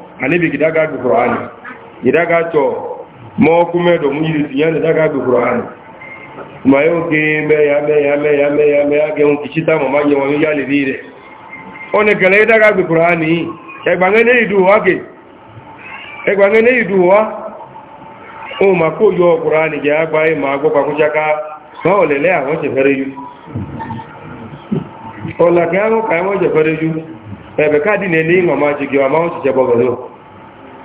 anibi gidaga bi qur'ani gidaga to mo kume do mu yiri tinya daga bi qur'ani kuma yo ke me ya me ya me ya me ya me ya ke un kichita mo maje mo ya le dire one gele daga bi qur'ani e gba ngene idu wa ke e gba ngene idu wa o ma ko yo qur'ani je agba e ma gbo pa ku chaka so le le àwọn se fere yu o la ke àwọn ka àwọn je fere yu ebe ka di ne ni ngoma jigi wa ma o se je bogoro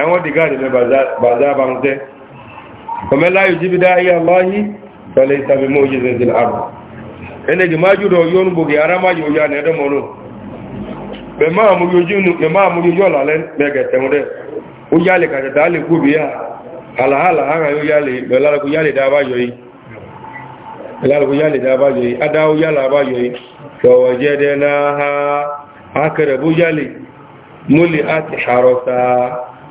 ẹ̀wọ́n ti gáàdì mẹ́ bàzá bá ń tẹ́ ọmọ láyé jíbi aláyí tọ́lẹ̀ ìtàbí mọ́ òjì zẹ̀zẹ̀ àrùn ẹnẹ́gì máa jùlọ yóò ń gbogbo ara máa yóò yá ní ẹ̀dọ́mọ́nù mẹ́ máa mú yóò lálẹ́ mẹ́gẹ̀ tẹ̀wọ́n ya ala yálẹ̀ kàtẹ̀tà á lè kú bí yá àlàhálà hàn yóò yálẹ̀ mẹ́lálẹ́kú yálẹ̀ ha ti ṣàrọ̀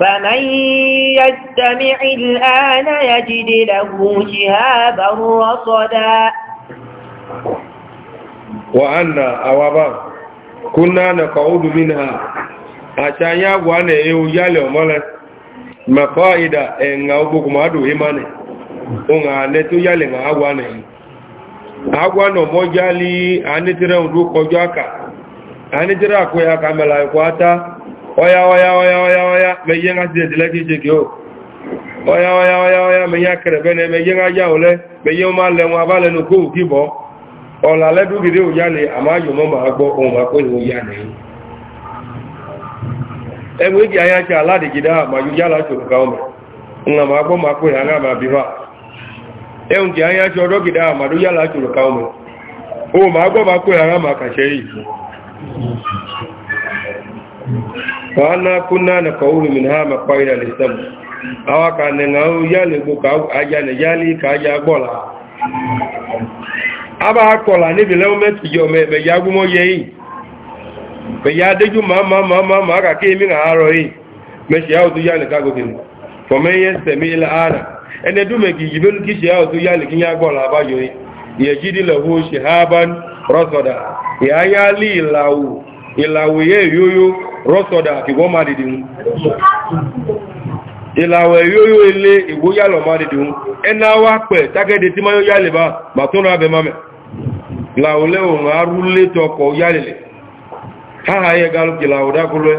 فمن يستمع الآن يجد له شهابا رصدا وأن أوابا كنا نقعود منها عشان يابو أنا يوجالي ومالا mafaida ẹ̀ngà ogbogbo ma dò hí mánì ohun àánẹ́ tó yálẹ̀ ma agwa nà yìí agwa nà mọ́ jálí àánítírẹ̀ òdó kọjọ́ àkà àánítírẹ̀ àkóyà kàmẹ́lá ẹ̀kọ́ átá ọya ọya ọya ọya ọya mẹyẹ ń accident lẹ́kí ṣe kí o ọya ọya ọya ọya mẹyẹ akẹrẹbẹ nẹ mẹyẹ ń ajá òlẹ mẹyẹ máa lẹwọn abálẹnu kó òkì bọ ọ̀là lẹ́dúgìdì òyà ni àmà yòmọ́ máa gbọ́ ohun àkóyè òyà ni ma فانا كنا na منها مقايل للسبع او كان نغاو يالي بوكا اجا نجالي كاجا بولا aba me ya deju ma ma ma ma ma mi na aro yi me se ya ni ka me ye se mi ila ene du me ki jibelu ya ya yi ye jidi le ya ya rọ́sọ̀dà àti wọ́n máa dìdì hun ìlàwẹ̀ yóò ilé ìwó yàlọ̀ máa dìdì hun ẹna wá pẹ̀ tágẹ́dẹ̀ tí máa yóò yàlẹ̀ bá bà tó rà bẹ òun arúlé tọkọ̀ yàlẹ̀lẹ̀ káà yẹ gálùkì làwọ̀dákúrẹ́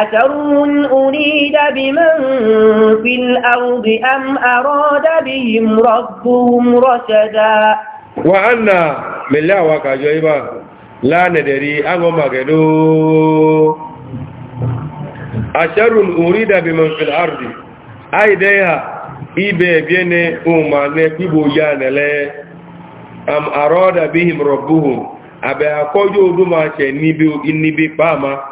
أترهم أريد بمن في الأرض أم أراد بهم ربهم رشدا وأنا من الله وكجيبا لا ندري أما مجدو أشر أريد بمن في الأرض أي ديها إبه بيني أما نكبو يانلي أم أراد بهم ربهم أبي أكوجو دوما شنيبي إنيبي باما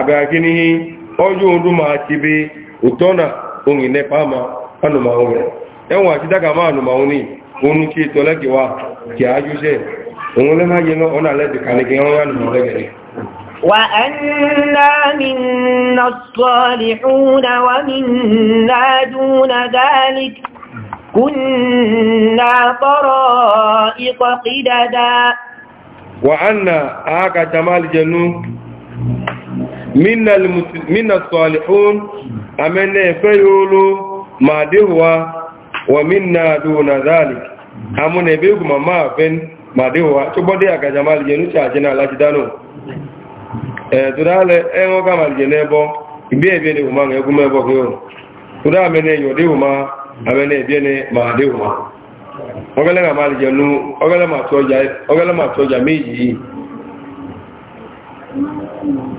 agaginihi ọjọ́ ọdún máa ti bí òtọ́nà ohun ìnẹ́pàmà anùmàún rẹ̀ ẹwọ̀n àti dágàmà anùmàún ní oun kí ètò ọlẹ́gẹ̀wà kí a jùṣẹ́ òun lẹ́máyé ọ̀nà alẹ́dẹ̀ká ní wọ́n anùmàún minna salihun amene feyolo ma dewa wa minna duna zalik amune begu mama fen ma dewa to bode aga jamal yenu cha jina lati dano eh durale enwo kamal jene bo ibe ebe ne uma nge kuma bo kyo dura amene yo de uma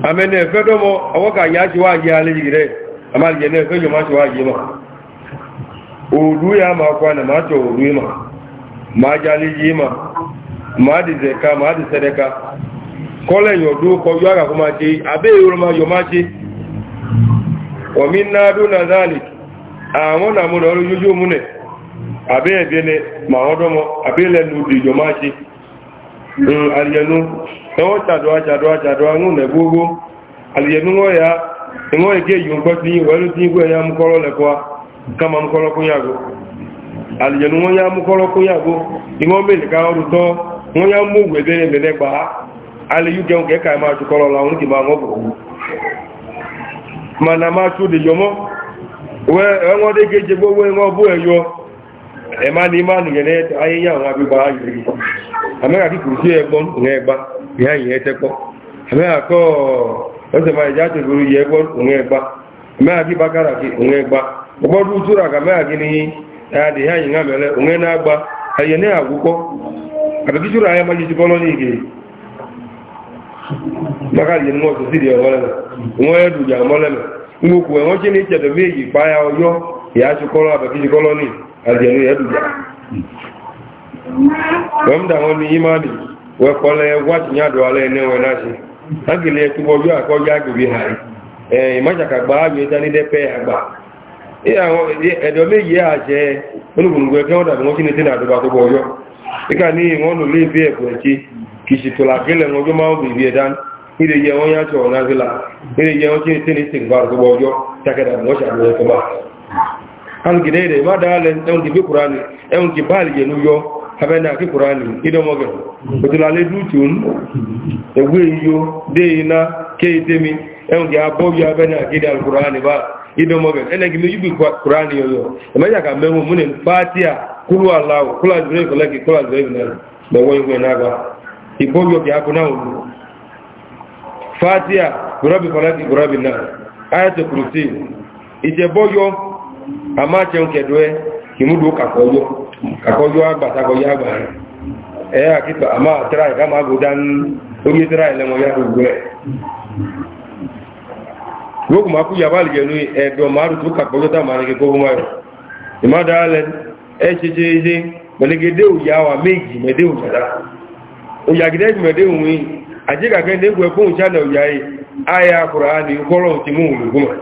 amene efe domo awoka ya ci waje ale jire amal je ne efe yo ma ci waje ma odu ya ma kwa na ma to odu ma ma jali ji ma ma di zeka ma di sedeka kole yo du ko abe yo ma yo ma ti na mo do ne abe ebe ne abe le nu alìyẹnú ẹwọ́ jàdọ́wà jàdọ́wà jàdọ́wà ń nẹ̀ gbogbo alìyẹnú wọ́n ya ìwọ́n èké yìí ń gbọ́ sí wẹ́lú tí ìgbẹ́ ya mọ́kọ́rọ́ lẹ́kọ́ kama mọ́kọ́rọ́ kún yàgò wọ́n ya mọ́kọ́rọ́ kún yàgò ìwọ́n mẹ́lì ká ọrù wọ́n ya mú gbẹ̀dẹ́ ẹ̀má ni máa nìyẹn lẹ́yẹ ayé yà àwọn agbégbà ayìí amẹ́ra kí sí ẹgbọ́n òun ẹgbá ìhá ìyẹn tẹ́kọ́ amẹ́ra kọ́ ọ̀sẹ̀ máa na tó lórí ẹgbọ́n òun ẹgbá amẹ́ra kí bákàrà kí òun ẹgbá ọgbọ́dún kàmẹ́ra kí ni ẹ̀yàdì ìhá ìyìn àmẹ́lẹ́ òun ní àbẹ̀kí máa ṣe kọ́lọ́ àbẹ̀kí kọ́lọ́ àjẹ̀lú yẹ dùgbà wọ́n dà wọ́n ní ìmáàdì wọ́n kọ́lẹ̀ wáṣíyàdọ̀ alẹ́ ẹ̀nẹ́wẹ̀ náà ṣe ágìlẹ̀ ẹ̀túwọ́ yóò àkọ́jọ́ agbègbè àì ìmájàkàgbà ààbò ìdánídẹ́pẹ́ àgbà ẹ̀dọ̀ méjì àṣẹ olùgbùnùgbẹ̀ kí wọ́n dàbí wọ́n kí ní tí ní àdúgbà tó bọ̀ọ̀yọ́ ìkà ní ìwọ̀n lò lè bí ẹ̀kùn ẹ̀kí kì í ṣètò làkílẹ̀ wọn bí máa ń bèèrè ẹ̀dá nílé yẹ wọ́n yáṣọ̀ ọ̀nà algide da ma da halin ɗan ki bi kurani ɗan ki ba alge nuyo haɓe na ki kurani idan mage kutu lale dutun egwe yiyo de ina ke itemi ɗan ki abobi haɓe na ki da alkurani ba idan mage ɗan ki mi yubi kurani yoyo ɗan e ya ka mẹ́wọ̀n mune fatiya kulu alawo kula zure kula ki kula zure bi nara da wani kwe na ba ibobi ki haku na wulu fatiya gurabi kula ki gurabi ayatul kursi ije boyo àmá jẹun kẹ̀dù ẹ kì mú dùn kàkọ́jọ́ kàkọ́jọ́ àgbàtàkọ́jọ́ àgbà rẹ̀ ẹ àkíkà àmá àtàrà ìká máa bò dá ní orí tàrà ìlẹ́mọ̀ yá gbogbo rẹ̀ gbogbo máa kú yàbá lè jẹun ẹ̀dọ̀ tá máa rẹ̀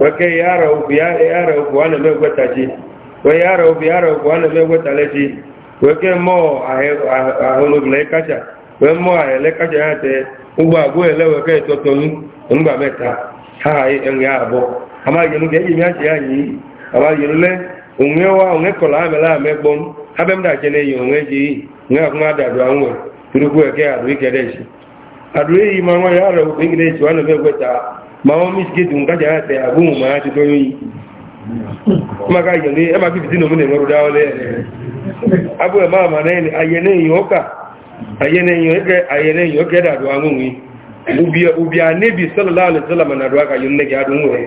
weke yara ukwu yara ukwu a na-eme egwetachi wee yara ukwu yara ukwu a na-eme egwetalechi weke mmụọ ahụlụbla kacha wee mmụọ ahele kacha ya tee ugbo abụọ ele weke etotonu mgba meta ha ha enwe ya abụọ amaghị nu ka eji mịa chi anyị amaghị nule onwe wa onwe kọrọ amela amegbo m abe m dache na-eyi onwe ji iyi nwe akwụ nwa dadụ anwe turukwu eke adụ ikedechi adụ eyi ma nwa ya ara ukwu igide echi a na-eme egweta màwọn mísíkèdì ń kájà àtẹ àbúhùn máa ti tọ́ yóyí kuma ka yẹ̀lé ẹ máa fífìtì nínú ìmọ̀rù dáwọlé abú ẹ̀ máa mà náà ni ayẹ̀lẹ́ èèyàn ọkà ayẹ̀lẹ́ èèyàn ọkẹ́ dàdù àwọn òun ubi anẹ́bì sọ́lọ̀láàlẹ́sọ́lọ̀mà nàdù aka yóò nẹ́gẹ̀ adùn rẹ̀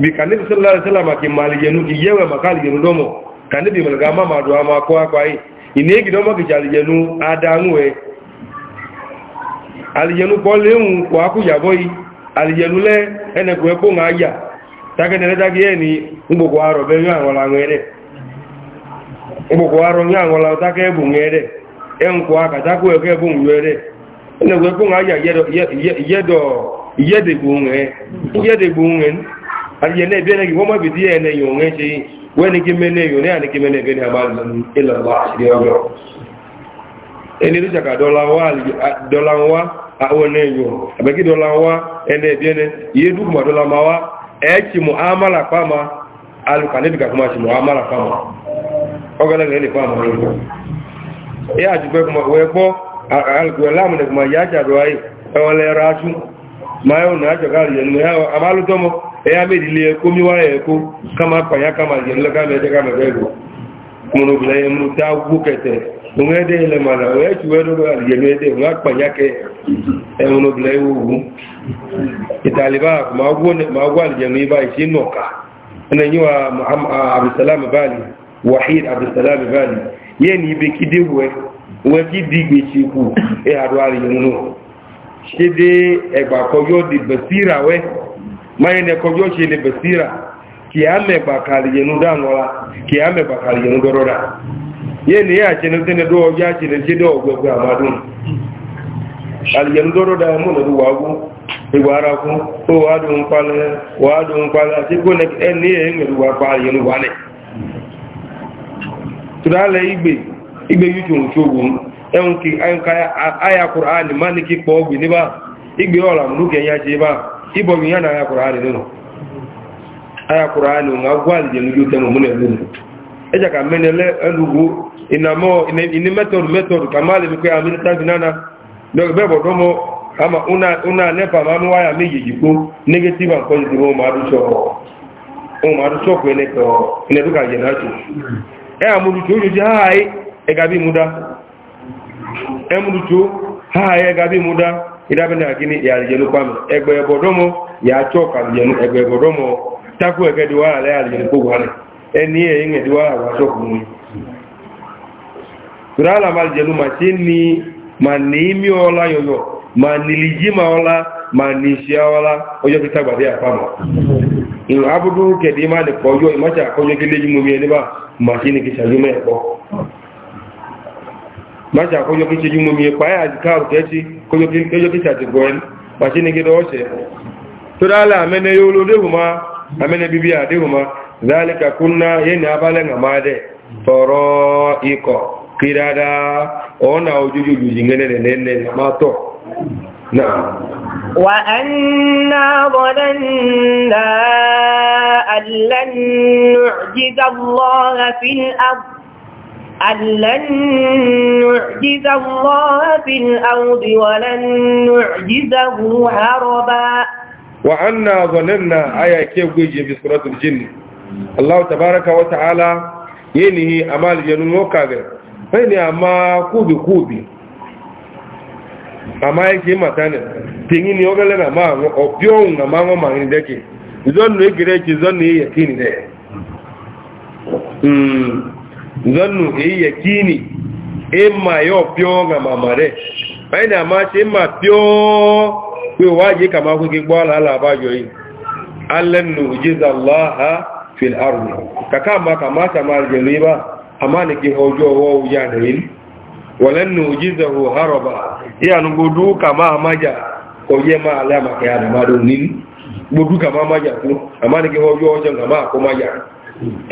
bí kanẹ́bì sọ́lọ̀láàlẹ́sọ́lọ̀mà kì màlìyẹnu kì yẹ́wẹ̀ màkà àlìyẹnu lọ́mọ̀ kanẹ́bì màlìkà má màdù àmà kọ́ akwáyé ìnẹ́gì lọ́mọ̀ kì jàlìyẹnu adáhùn rẹ̀ àlìyẹnu kọ́ léhùn kọ́ akúyàbọ́ yìí alìjẹ̀lúlẹ́ ẹnẹ̀kù ẹkù ń ayà tákẹ́tẹ̀lẹ́tàkì ẹ̀ ní gbogbo arọ̀ bẹ́ ní àwọn ọlọ́run tákẹ́ ẹ̀bùn ẹ̀rẹ̀ ẹ̀nkù akàtàkù ẹ̀kù ẹ̀bùn ẹ̀rẹ̀ ẹnẹ̀kù ẹkù ń ayà yẹ́dẹ̀gbùn ẹ̀ alìjẹ̀lẹ́ ìbí ẹnẹ́kì wọ́n mọ́bìdí ẹ̀nẹ̀yàn ọ̀rẹ́ ṣe wẹ́ni kí mẹ́lẹ̀ yóò ní àníkí mẹ́lẹ̀ bẹ́ni àbájú ìlànà àṣírí ọgbọ̀ ẹni rí ṣàkà dọ́là wá àwọn ẹ̀yọ̀ àbẹ̀gídọ́lá wá ẹni ẹ̀bí ẹni iye dúkùmọ̀dọ́lá ma wá ẹ̀ẹ́kì e mọ̀ ámàlà pàmà alùkànẹ́bìkà kọmọ̀ sí mọ̀ ámàlà pàmà ọgọ́lẹ́gẹ̀ẹ́ lè pàmà lọ́wọ́ ẹ̀ àjùgbẹ́ wẹ́gbọ́ alùkùnlámùnẹ̀kùnmọ̀ yá jàdọ̀ ayé ẹwọ́n lẹ́ra ájú ma yóò náà jọ káàrí ẹnu àmàlùtọ́mọ ẹ̀yà méjìlé ẹkó míwá ẹ̀kó ká máa pàyà ká máa yẹnu lọ́gá mẹ́jẹ́ ká mẹ́fẹ́ lò kùnrin obìnrin ẹnu tá gbókẹ̀tẹ̀ òun ẹ́dẹ́ ilẹ̀ màdà òun ẹ́tù ẹ́dọ́gbọ́ àdìyẹ̀lú ẹ́dẹ́ òun àpàyàkẹ́ ẹ̀hùn obìnrin owó ìtàlìbá ma wó àdìyẹ̀lú ibá ìṣẹ́ nọ̀ka ẹni yíwa abdulsalam bali wahid abdulsalam bali yẹ́ ni ibi kídé wẹ́ kí di gbèsè kù ẹ̀ àdó àdìyẹ̀lú ṣe dé ẹgbà kọjọ́ di bẹ̀síra wẹ́ máyẹ̀ ní kọjọ́ ṣe ye ne ya ce nan tana do ya ce nan ce do gogo amadu aljan doro da mu na du wagu e wara ku o wa du npale wa du npale ti ko ne eni e ngi wa pa ye wale tudale igbe igbe yutu nchogun ehun ki ayun kaya aya qur'an maniki po gbe ni ba igbe ola mu ke ya je ba ibo mi yana aya qur'an ninu aya qur'an ngagwa aljan yutu mu ne inamo ini method method kama le ko amir ta binana do be domo ama una una nepa ma nwa miji meji jiko negative and positive o ma du so o ma du ko ne ko ne du je na tu e amuru tu yo jai e ga muda e amuru tu ha e ga muda ida bena gini ya je lu kwam e gbe bo domo ya cho ka je nu e gbe bo domo taku e ke duwa le ya je ko gwa ne e ni e nge duwa wa so ku mu firala ma jẹnu ma ṣe ni ma ní mí ọlá yọyọ ola, nílì jí ma ọlá ma ní ṣe ọlá ọjọ́ fi tagbàdé àpamọ́ ìrìn abúdó kẹ̀dí má lè pọ̀jọ́ ìmọ́ta àkọ́jọ́ kí léjú mumi ẹni bá ma ṣe ni kì ṣàjú mẹ́ ẹ̀kọ́ máṣe àkọ́jọ́ kí ṣejú mumi ẹ̀pá ẹ̀ àti káàrù kẹ́ẹ̀ṣí kọjọ́ kí ṣàtìgbọ́ ẹni ma ṣe ni kí lọ́ọ̀ṣẹ́ tó dáálà àmẹ́nẹ yóò ló déhùn má àmẹ́nẹ bíbí àdéhùn má zálíkà kúnná yẹ́nì abálẹ̀ ngàmá dẹ̀ tọ̀rọ̀ kirada ona ojuju jingene nene mato na وأنا ظننا أن لن نعجز الله في الأرض أن لن نعجز الله في الأرض ولن نعجزه هربا وأنا ظننا آية كيف يجي في سورة الجن الله تبارك وتعالى ينهي أمال جنون وكاغر ẹni àmà kóòbìkóòbì àmà ẹ̀kẹ́ màtánẹ̀ tèyí ni ọgẹ́lẹ́ nà máa ọ̀bí ọ̀hún àmà wọn màá ní dẹ́kẹ̀ ìzọ́nù ẹgẹrẹ ẹ̀kẹ́ ìzọ́nù èyẹ kí ni dẹ̀ ìzọ́nù hmm. èyẹ kí ni ẹ máa yọ ọ̀bí ọ̀hún àmà rẹ̀ ẹni àmà ṣe máa bí ọ́ pé wàá yé kàmá kókè gbọ́ àlàálà àbájọ yìí alẹ́ nù jíza fìlà àrùn kàkà àmà kàmá sàmà àrùn amaniki hojo wo ya nayin walan nujizahu haraba ya ngudu kama maja ko yema alama ke ada madu nin gudu kama maja ku amaniki hojo wo janga ma ko maja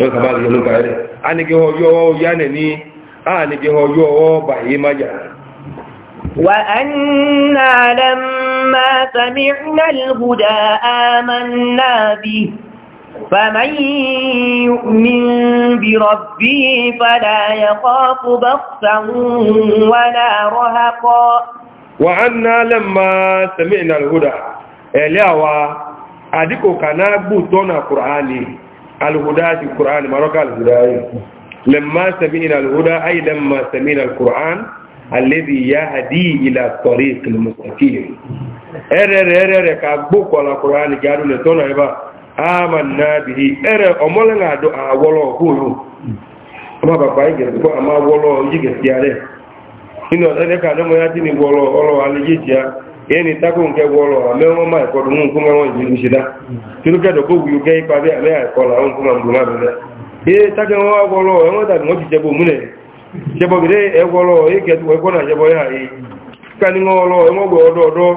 to kama ni lu ka ere aniki hojo wo ya ne ni aniki hojo wo ba yi maja وأنا لما سمعنا الهدى آمنا به فمن يؤمن بربه فلا يخاف بخسا ولا رهقا وعنا لما سمعنا الهدى إليوا أديكو كان بوتونا قرآني الهدى في القرآن مرقى الهدى لما سمعنا الهدى أي لما سمعنا القرآن الذي يهدي إلى الطريق المستقيم إرر إرر كأبوك على القرآن قالوا لتونا إبا amanna bihi ere omole na do awolo huyu ama baba yi gere ko ama wolo yi ge tiare ino ka no tini olo nke wolo ame ma ko dun ko ma won yi shida ke do ko wuyu ge pa be ame ko la ma bu ma be e take won e mo e wolo e ke na jebo ya yi kani e mo go do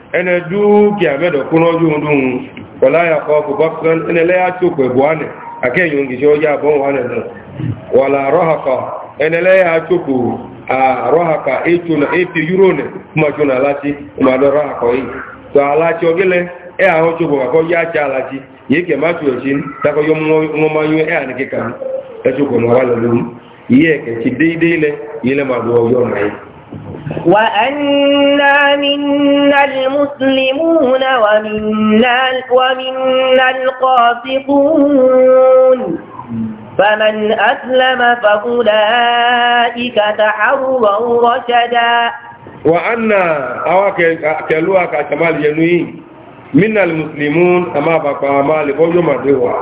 ẹnẹ dúkìá mẹ́dọ̀kú lọ́jú ọdún wọláyà kọfù bọ́kùn ẹnẹlẹ́yà tó pẹ̀bù ánẹ̀ akẹ́yìn òǹgìṣẹ́ ọjá àbọ̀n wánẹ̀ náà wọlá rọ́hàkà ẹnẹlẹ́yà tó pù àrọ́hàkà ètò na ètò yúrò nẹ̀ kúmọ̀tò nà láti ọmọdé rọ́hàkọ̀ yìí tó aláti ọgẹ́lẹ́ ẹ àwọn tó pọ̀ وأنا منا المسلمون ومنا, ومنا القاسطون فمن أسلم فأولئك تحروا رشدا وأنا أواكلوا كشمال ينوي الْمُسْلِمُونَ المسلمون أما بقى مالك ويوم الدوا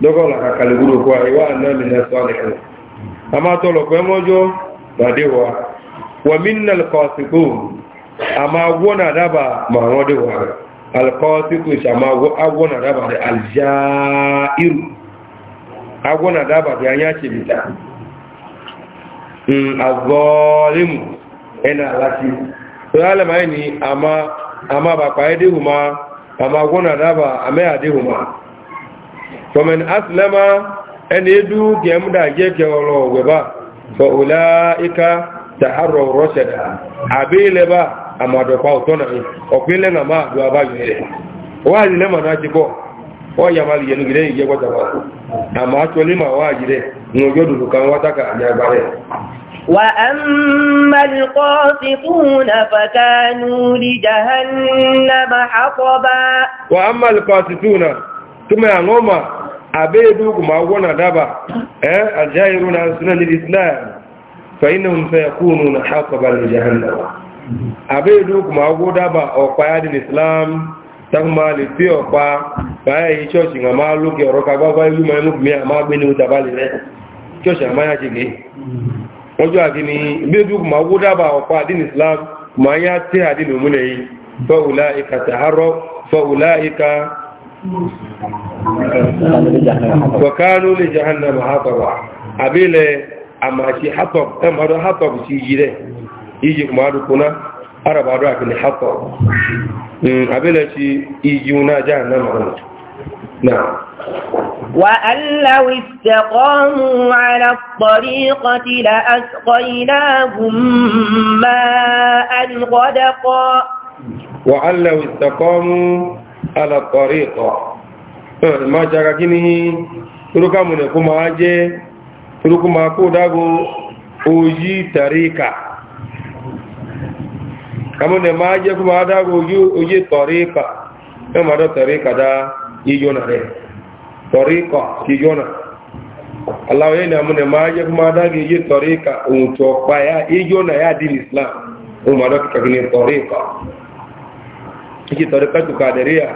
دوغولا كالغورو كوا وأنا من الصالحين أما تولوا كموجو بعدها ومن القاسطون اما ونا دبا ما ma القاسط شما ونا دبا الجائر agwọna daba da anya chibita azọlimu ina alati rala mai ni ama ama ba kwa edihu ma ama agwọna daba ame adihu ma famin aslama ẹni edu kemda jẹ́ kẹwọlọ ọgbẹ̀ba fa'ula ika tàhárọ̀ rọ́ṣẹ̀dà àbílẹ̀ bá àmàdọ̀pá ọ̀tọ́nà ọ̀pínlẹ̀ náà máa dùn abájú rẹ̀ wáàdì lẹ́mà náà ti bọ̀ ọ̀yà máa yẹnu gidẹ́ ìjẹ́ gbọ́dọ̀wà àmà àtọ́lé máa wáàdì rẹ̀ ní ọjọ́ dùdù kan wá dákà ní agbárẹ̀ وأما القاسطون فكانوا لجهنم حطبا وأما القاسطون ثم يعنوما أبيدوكما أولا دابا الجائرون عن سنن الإسلام فإنهم سيكونون حطبا لجهنم أبيدوك ما أقول أبا أو قياد الإسلام تغمى لفيو فا فأي شوش ما لوك يروك أبا فأيو ما يموك ميا ما بيني وتبالي له شوش ما يشيكي ojú àdínì bíbíkù ma wó dábà ọ̀pá àdínì islam ma yá tí àdínì múlẹ̀ yìí fọ́wùlá ìka tàárọ̀ fọ́wùlá ìka wọ̀kánú lè jahannama hapàwà àbílẹ̀ àmàṣe hatob ẹmọdọ hatop sí yìí rẹ̀ ìjì kùmọ̀dùkúná arabadọ́ àkìlẹ̀ hatob abẹ́lẹ̀ sí ìjì na náà já náà mọ̀rún náà وأن لو استقاموا على الطريقة لأسقيناهم ماء غدقا وأن لو استقاموا على الطريقة ما جاكينه تركمنا كما جاء turukuma ko dago oji tarika kamo ne ma je kuma dago oji oji tarika ne ma do tarika da iyona re tarika iyona Allah yana amu ne ma je kuma dago oji tarika un to pa ya iyona ya din islam o ma do kakini tarika iki tarika tu kadariya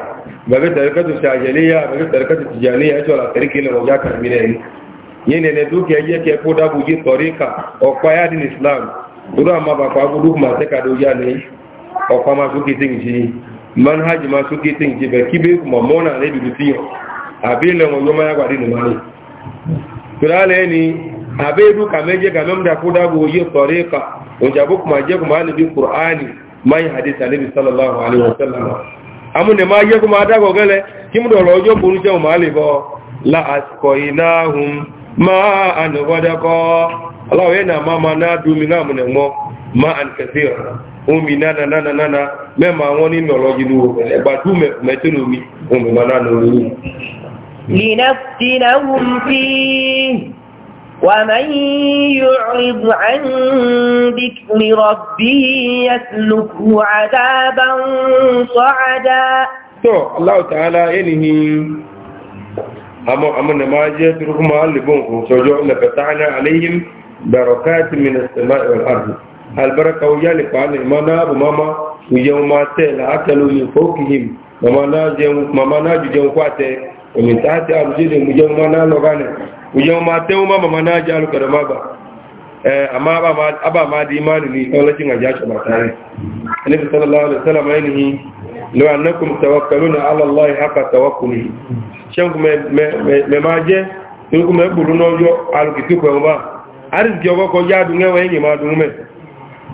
babe tarika tu shajaliya babe tarika tu tijaniya to la tariki ne mo ja karbine yene ne duke yake ko da buji torika o kwaya din islam dura ma ba kwa gudu ma se ka do ya ne o kwa ma suki tinji manhaj ma suki tinji be kibe kuma mona ne bi tiyo abile mo yoma ya kwa din mani turale ni abe du ka meje ka memda ko da bu yi torika o jabu kuma je kuma ne bi qur'ani mai hadith nabi sallallahu alaihi wasallam amune ma je kuma da go gele kimu do lojo bunu je o mali ma an wadako Allah yana ma ma na dumina mu ne mo ma an kathir o mi na na na na na me ma won ni no logi du e ba du me يعرض عن ذكر ربه عذابا صعدا تو الله تعالى ينهي amma amma na ma je turkuma alibon ko sojo la fatana alaihim barakat min as-sama'i wal ardi albaraka wa yali fa ni mana bu mama ku yawma ta la akalu min fawqihim mama na je mama na ju je ko ate o min ta ta arji de mu je mana lo gane ku yawma ta ma mama na ja lu kada ba eh amma ba ma aba ma di imani ni to lajin ga ja ba tare annabi sallallahu alaihi wasallam ainihi lọ annakum tawakkaluna ala allah tawakkuli me e buru no yo alu ki aris ki ko ya ngewe ni ma me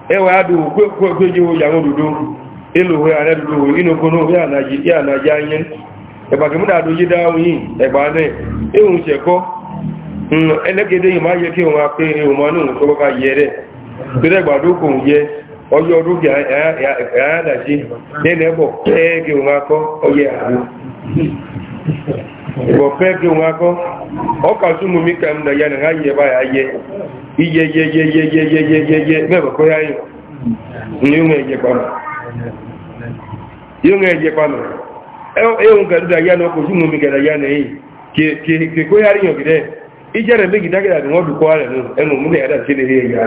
e ko wo ya ngo ilu we ara du inu ko no ya ji ya na ja e ba ki da du ji da e ba ne e un se ko ẹnẹ́gẹ́dẹ́ yìí máa yẹ kí òun apé ìwọ̀n náà ọjọ́ orúkẹ àádájí nínú ẹgbọ̀ pẹ́ẹ̀gẹ̀ òun akọ́ ọyẹ àrú ẹgbọ̀ pẹ́ẹ̀gẹ̀ òun akọ́ ọkà súnmù mí kà ń dàyà yẹ báyà yẹ na ya méjì dágẹ̀dà ni wọ́n dùkọ́ rẹ̀ nù ẹnu ẹ̀yà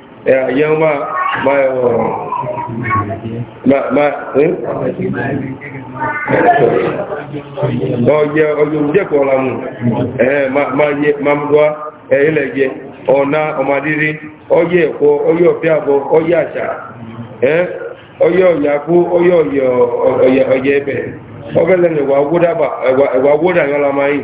yẹn ma ma ẹ̀wọ̀n máa ọjọ́ òjẹ́kọ̀ ọ̀làmù ẹ̀ẹ́ máa gbọ́ ẹ̀ẹ́lẹ̀ jẹ ọ̀nà ọmọdírí ọjọ́ ẹ̀kọ́ ọjọ́ ọ̀fẹ́ àbọ̀ àṣà yìí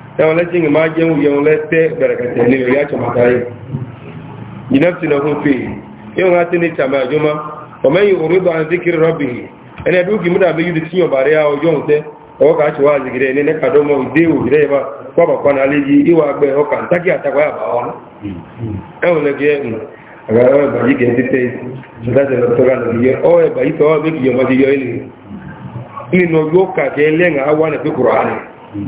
ẹwọn lẹ́tí ìgbìmọ̀ máa jẹun yẹun lẹ́tẹ́ bẹ̀rẹ̀kẹ̀tẹ̀ ní ìrìn àjọ màtáyé ìnáfsì náà fún fèè yíwọn á ti ní ìtàmì àjọmá ọmọyìn òrùbọ àwọn zikiri rọbì ẹni ẹdún kìí múdà méjì ti tíyàn bàrẹ ọjọ́ ǹtẹ́ ọwọ́ kà á ti wá àzìgìrẹ́ ẹni nẹ́ka dọ́mọ ìdé òwúrẹ́ ẹ̀bá pọ́pọ̀ kan alẹ́ yìí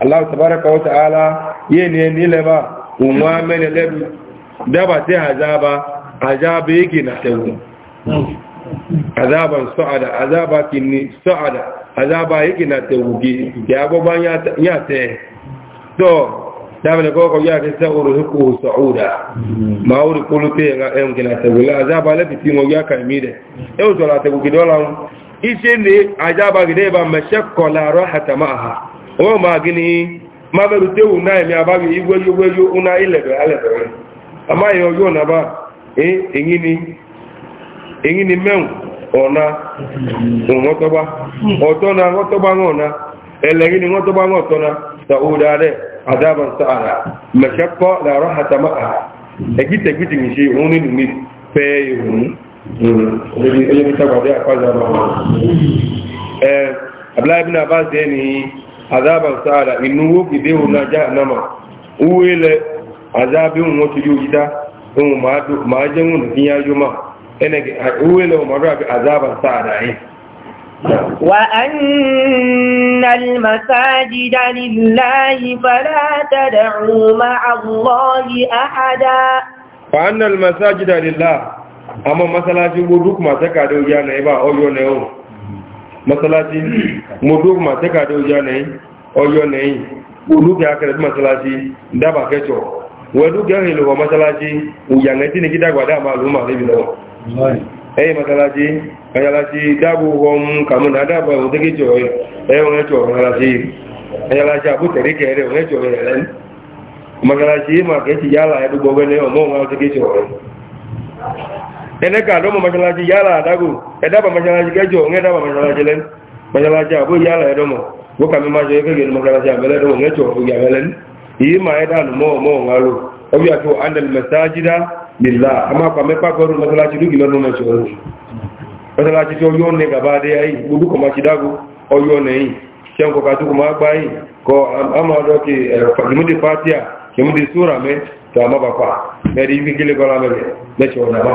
Allah tabaraka wa ta'ala yene ni leba umma mene lebi daba te azaba azaba yake na tawu azaban su'ada azaba kinni su'ada azaba yake na tawu ki ya go ban ya te to daba ne ko ko ya ke sa'uru hukku su'uda ma uri kulute wọ́n máa gí ní mábẹ̀rù tẹ́wù náà ẹ̀mí àbáwí igbóyógbóyó una ilẹ̀bẹ̀ alẹ̀bẹ̀rẹ̀ àmáyẹ ọjọ́ ọ̀nàbá èyí ni mẹ́un ọ̀nà ọ̀tọ́bá ọ̀tọ́na ọ̀tọ́bá ọ̀nà ẹlẹ́rí ni ọ̀tọ́bá ọ̀tọ́na sàúdà rẹ̀ sáàrà mẹ́ṣẹ́kọ́ Abdullahi ibn Abbas ni azaban sa'ada inu woki de wona jahannama uwele azabi un wotu yujida un maadu maaje un kinya yuma ene uwele o maadu abi azaban sa'ada yi وأن المساجد لله فلا تدعوا مع الله أحدا وأن المساجد لله أما مسلاجي ودوك ما تكادو يانا إبا أو يونا يوم masalasi modu ma ka do ja nei oyo nei ulu ga kare masalasi daba kecho ga hilo wa masalasi ni da ma luma lebi no eh masalasi masalasi dabu hom kamu na daba o teke cho eh o cho masalasi masalasi abu tere kere o cho masalasi ma ke ti yala edu gogene o mo ma teke cho ẹnẹ́ka àdọ́mọ̀ mọ́ṣálásí yálà àdágò ẹ̀dábà mọ́ṣálásí kẹjọ ń ẹ̀dábà mọ́ṣálásí lẹ́nu mọ́ṣálásí àbó yálà ẹ̀dọ́mọ̀ gbókàmí máa ṣe ẹgbẹ́gbẹ́ mọ́ṣálásí àbẹ́lẹ́dọ́mọ̀ ẹ̀tọ́ ògì àbẹ́lẹ́nu èyí máa ẹ̀dánù mọ́ ọmọ ọ̀hún alò ọbí àti àndẹ̀lì mẹ́sáájídá lèlá a máa pàmẹ́ pàkọrù mọ́ṣálásí lókì lọ́nà mẹ́ṣọ́rù mọ́ṣálásí tí ọyọ́ ní gàbá adé ayé gbogbo kọ̀ máa ṣe dágó ọyọ́ nẹ̀yìn ṣe ń kọ̀kà tó kọ̀ máa gbá yìí kọ àmàdọ́ kì kìmúdé pátíà kìmúdé sóra mẹ́ mẹ́rin kékeré kọ́lá mẹ́rin mẹ́ṣọ́ ọ̀nàmá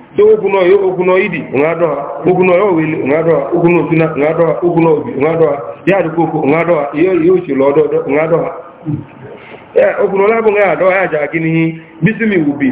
so ogun náà ogun náà ìdì ńládọ́wà ogun náà ọ̀wẹ̀lẹ̀ ńládọ́wà ogun náà òsínà ńládọ́wà ogun náà òbí ńládọ́wà yá àdúgbò ńládọ́wà yóò si lọ́dọ́ ńládọ́wà ogun náà lábùn náà àdọ́wà ya kí ni bísímì wùbí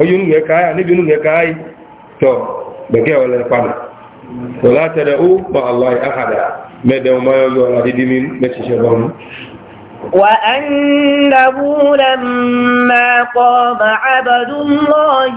ojú nínú ẹ̀ka ayà níbi nínú ẹ̀ka ayì tọ́ gbẹ̀kẹ́ ọ̀lẹ́ padà wọ́lá tẹ̀lẹ̀ ó pa aláì àhàdà mẹ́dẹ̀ ọmọ yọ àdídí mi mẹ́ṣiṣẹ́ bá mú. وأنه لما قام عبد الله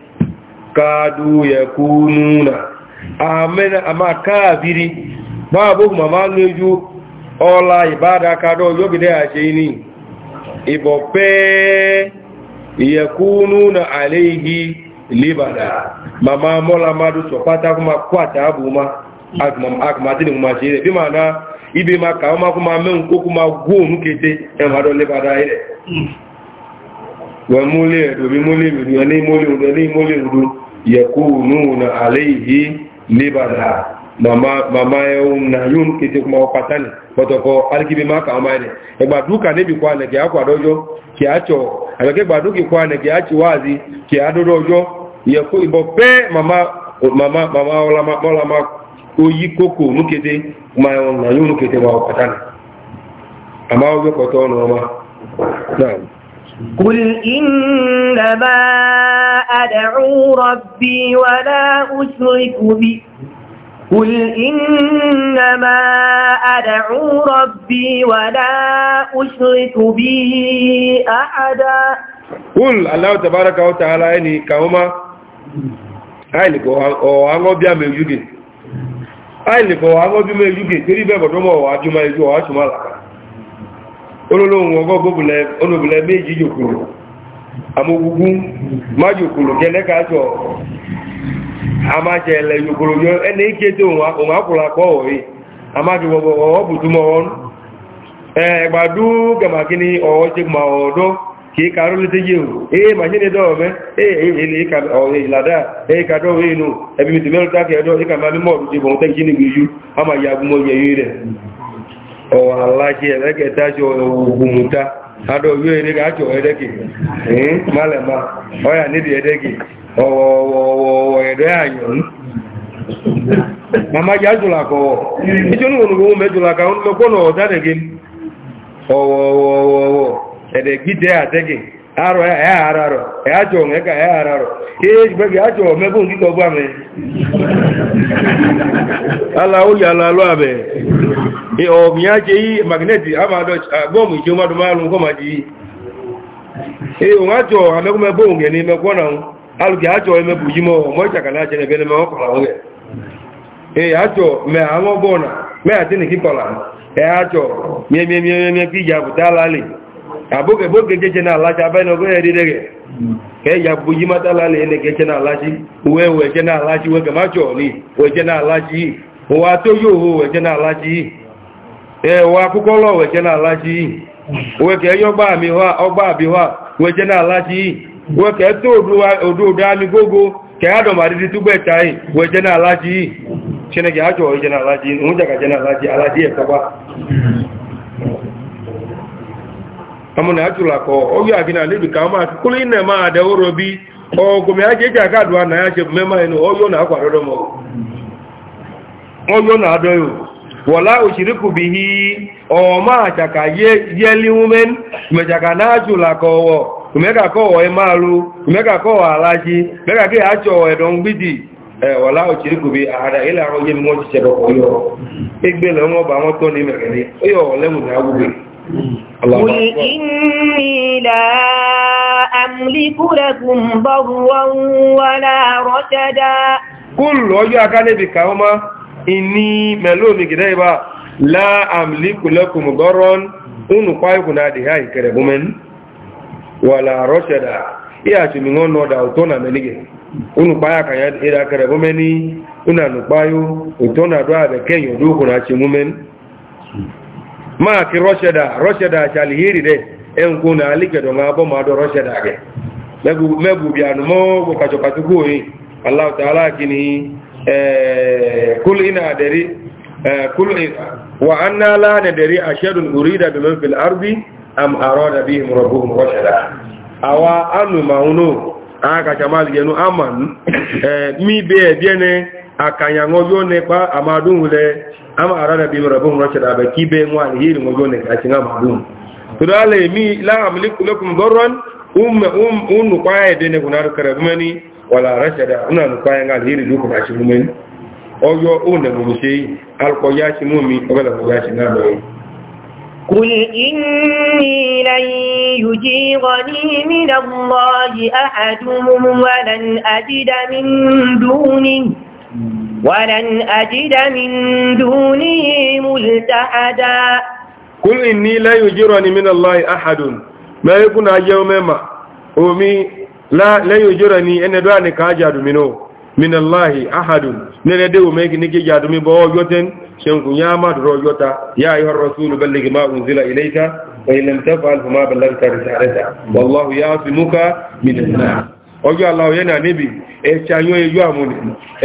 kadu ya kununa amena ama kaabiri babu mama nuju ola ibada kado yogide ajini ibope ya kununa alayhi libada mama mola madu sopata kuma kwata abuma akmam akmatini ma na ibe maka kuma menko kuma gonu kete en hado libada ile wa mule dobi mule mudu ya ni mule mudu ya ni mule mudu ya kununa alaihi libada mama ya na yun kiti kuma wapatani wato ko alkibi maka amane egba duka ne bi kwana ki akwa dojo ki acho abeke gba duki kwana ki achi wazi ki adodojo ya ku ibo pe mama mama mama ola ma ola ma oyi koko nukete ma ya na yun nukete wa wapatani ama ojo ko to no ma na'am قل إنما أدعو ربي ولا أشرك به قل إنما أدعو ربي ولا أشرك به أحدا قل الله تبارك وتعالى إني كهما أين كهما بيا ميجوكي أين كهما بيا ميجوكي تريبا بدوما وعجما يجوا وعجما لك olólo ohun ọgọ́gọ́ olóbulẹ̀ méjì jòkòrò àmógúgú má jòkòrò a jọ àmájẹ ẹ̀lẹ̀ jòkòrò yọ ẹni kéde ohun àkùrà kọ́ ọ̀rí àmájẹ ọwọ́ bùtúmọ̀ wọn ẹgbàdú gẹ̀màkíní ọwọ́ ṣe ma ọ̀dọ́ kìí karó lété yéhù ee màṣínì dọ́ọ̀ mẹ́ ọwọ́ alájẹ ẹ̀lẹ́gẹ̀ dájọ́ ogunmuta adọ́ yóò eré gájọ́ ẹ̀dẹ́gì ní málẹ̀má ọyà nídìí ẹ̀dẹ́gì ọwọ́ ẹ̀dẹ́ àyàn mama jẹ́ ajúlakọ̀wọ̀ ìjọ́ ní olùgbòhùn mẹ́jùlaka ń lọ kọ́nà ọ̀dá arọ ya eh, eh, ararọ ya eh, chọ onwe ka ya ararọ ihe ejigbe gị achọ omebe nkịta ọgba me ala ụlọ ala alụ abe ọmịa che yi magneti bọọmụ iche mmadụ maalụ nkọ ma e ji yi na ji mọ ọ ee aṅụ na abụghị ebe oge echeche na-alachi abịa na ogoya erire gị ka eji abụbụ ji matala na ene keche na-alachi uwe weche na-alachi uwe wa macha oli weche na-alachi uwe atụghị wa weche na-alachi ee uwe akwụkwọ ụlọ weche na-alachi uwe ka enye ọgba abịhụa hmm. weche na-alachi uwe gogo amụna achụla ka oge a gị na alebi ka ma ị na-eme ada ụrọ bi ọgụ ma ya ji eji aka adụa na ya chebụ mema anyị na oyo na-akwadodo m oyo na-adọghị wọla ochirikụbihi ọma achaka yelinwume mechaka na achụla ka ọwọ umeka ka ọwọ ịmalụ umeka ka ọwọ alaji ka ya achọ ẹ̀dọ̀ mgbidi e, wọ̀lá قل إني لا أملك لكم ضرا ولا رشدا كل وجه كان بكاوما إني ملوم كده لا أملك لكم ضرا ونقايق نادي هاي كربومن ولا رشدا يا تشمغون نودا وتونا منيجي ونقايق يا كربومني ونقايق وتونا دوا بكين يدوكنا تشمومن máa kí rọ́ṣẹ̀dà rọ́ṣẹ̀dà ṣàlìhírì rẹ̀ ẹnkú na alíkẹ̀dọ̀ máa bọ́ máa dọ́ rọ́ṣẹ̀dà rẹ̀ mẹ́bùbí ànumọ́ gbọ́kàṣọ̀kàṣọkú òyìn aláwọ̀ta aláàkíní kúlìnà àdẹ̀rí wà á ná lánàdẹ̀rí àṣẹ́dùn orídà bẹ̀mẹ́fìl arbi am àrọ́dà bí ìmọ̀rọ̀bùn rọ́ṣẹ̀dà àwa anùmọ̀ọ́nù àkàṣàmàlìyẹnu àmà mí bẹ́ẹ̀ bẹ́ẹ̀ ama arada bi rabbum rashada ba kibe ngwani hiri ngogo ne ka cinga mabum to dale mi la amliku lakum darran um um unu kwaye de ne kunar karabmani wala rashada una nu kwaye ngal hiri duku ka cinga mumeni oyo une mumshi alko ya ci mumi ogala ko ya ci na do قل إني لن يجيرني من الله أحد ولن أجد من دونه ولن أجد من دونه ملتحدا قل إني لا يجرني من الله أحد ما يكون أجيو مما أمي لا لا يجرني أن دواني كاجاد منه من الله أحد نندو ميك نيكي جاد من بو يوتن شنكو ياما درو يوتا يا أيها الرسول بلغ ما أنزل إليك وإن لم تفعل فما بلغت رسالته والله يعصمك من الناس ọjọ́ aláwọ̀yẹ́ náà níbi ẹ̀ṣà yọ ẹjọ́ àmúnì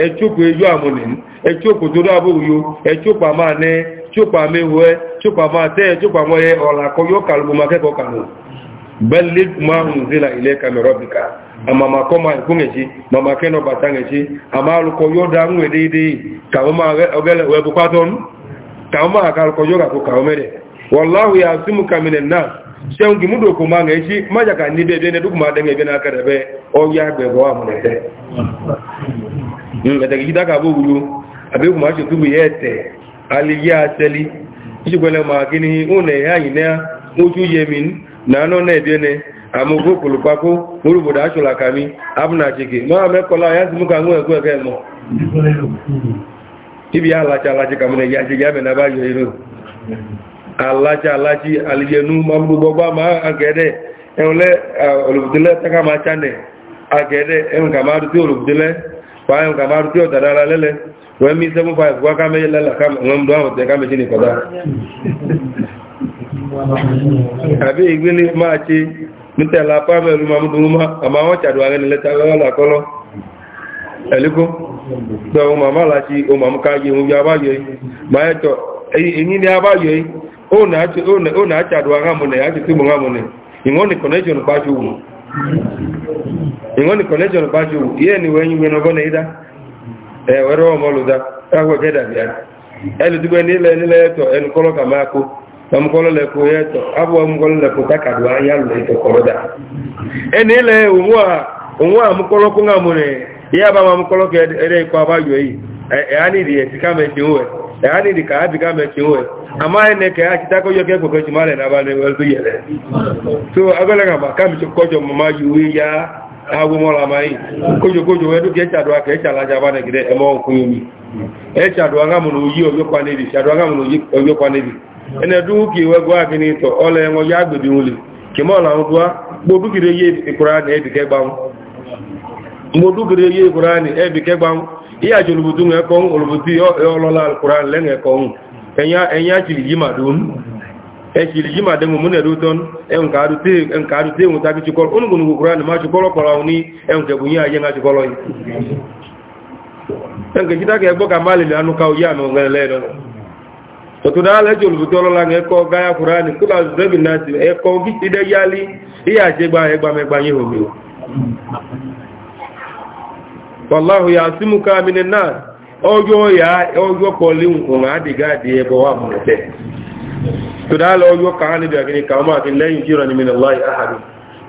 ẹ̀ṣòkò ẹjọ́ àmúnì ẹ̀ṣòkò tó dábòwòyó ẹ̀ṣòkò àmà nẹ́ ṣòkò àmẹ́wọ́ ẹ́ ṣòkò àmà tẹ́ ẹ̀ṣòkò àmọ́ ẹ ọ̀làkọ́yọ́ kàlùmọ́ akẹ́kọ̀ọ́ kàlù bẹ́ẹ̀lẹ́ máa ń zílà ilẹ̀ kàmẹ́rọ́bìkà àmàmà kọ́ máa ìkún ẹ̀ṣí màmà kẹ́nà bàtà ẹ̀ṣí àmà alùkọ́ yóò dá ń wẹ̀ déédéé kàwọn máa wẹ̀ seun ki mudo Ma nga ichi Ma ka ni bebe ne dukuma denge bebe na karebe o ya gbebo wa munete mm eta ki daka bo wulu abe kuma chi tubu yete ali ya seli ichi kwele ma kini une ya ine uju yemin na no ne bene amugo kulupako muruboda achula kami abuna chike ma me kola ya simu ka ngwe kwe kemo ibi ya la cha la chika mune ya chike ya be na ba yo iru alaji alaji aliyenu mamdugbogba ma agede enule eh, olubudile taka ma chane agede en ka ma ruti olubudile pa en ka ma ruti odadara lele we mi 75 gwa ka me lela ka ngam do awon te ka me chini koda abi igbini ma chi nitela pa me lu mamduma ama won chadu age ni leta la kolo eliko so mama la chi o mamuka ye un ya ba ye ma eto eyin ni aba ye Ona ó nà áchàdùwà rámùnẹ̀ á ti Ingoni mú rámùnẹ̀ ìwọ́n ingoni connection pàṣẹ wù ìwọ́n ni connection pàṣẹ wù yẹ́ ni ni wẹ́yìn wẹ́n ọgọ́nà ìdá ẹ̀wẹ́rẹ́ ọmọ lùdá káwẹ́ gẹ́dà bí i ẹlùdúgbẹ́ nílẹ̀ nílẹ̀ ẹ̀tọ̀ ẹnu kọ́lọ́ kà máa kó ọmọkọ́lọ́lẹ̀kọ́ ẹ̀tọ̀ abúwọ́ ọmọkọ́lọ́lẹ̀kọ́ tákàdùwà yálù ẹ̀tọ̀ kọ̀rọ̀dà ẹni ilẹ̀ òun àmúkọ́lọ́kọ́ ya ni ka abi ka me kiwe ama ne ke achi ta ko ne wel tu yele so ba kam cho mama yuwi ya awu mo la mai ko jo ko jo edu ke la ja ne gide e mo ku yumi e cha do nga mu no yi o yo ene du ki we gwa ya gbedi wuli la ngwa bo du gire ye ikura ne mo du gire ye ikura ne iya jolubutu ŋa kɔn olubutu ɔlɔla kuran lɛ ŋa kɔn ɛnya ɛnya tsili yi ma don yi ma de ŋo munɛ do tɔn ɛnka do te ɛnka do te ŋo ta kitsi kɔlɔ onugo nugo kuran ma tsi kɔlɔ kɔlɔ ni ɛnkɛ bu yi ayɛ ŋa tsi kɔlɔ yi ka ya gaya kula nasi eh, yali iya gba ɛgbamɛgba yi o mi wallahu yasimuka minan ojo ya ojo poli nkan adiga di ebo wa mo te to da lo ojo kan ni bi akini kan ma kin lẹ́yìn jiro ni min allah ahad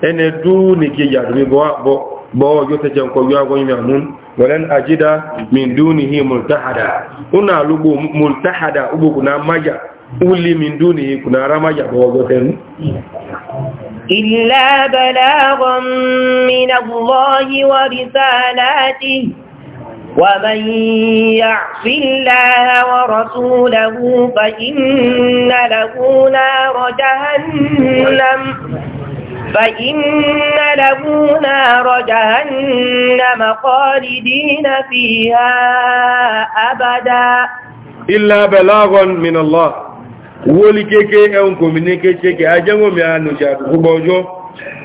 ene du ni ya bo bo bo ojo te jen ko yo ago amun walan ajida min dunihi multahada una lubu multahada ubu kuna maja uli min dunihi kuna ramaja bo إلا بلاغا من الله ورسالاته ومن يعص الله ورسوله فإن له نار جهنم فإن له نار جهنم خالدين فيها أبدا إلا بلاغا من الله woli keke ẹun kòmìníkẹ́ ṣeke ajẹ́wọ̀mí ànùṣà àdúgbò ọjọ́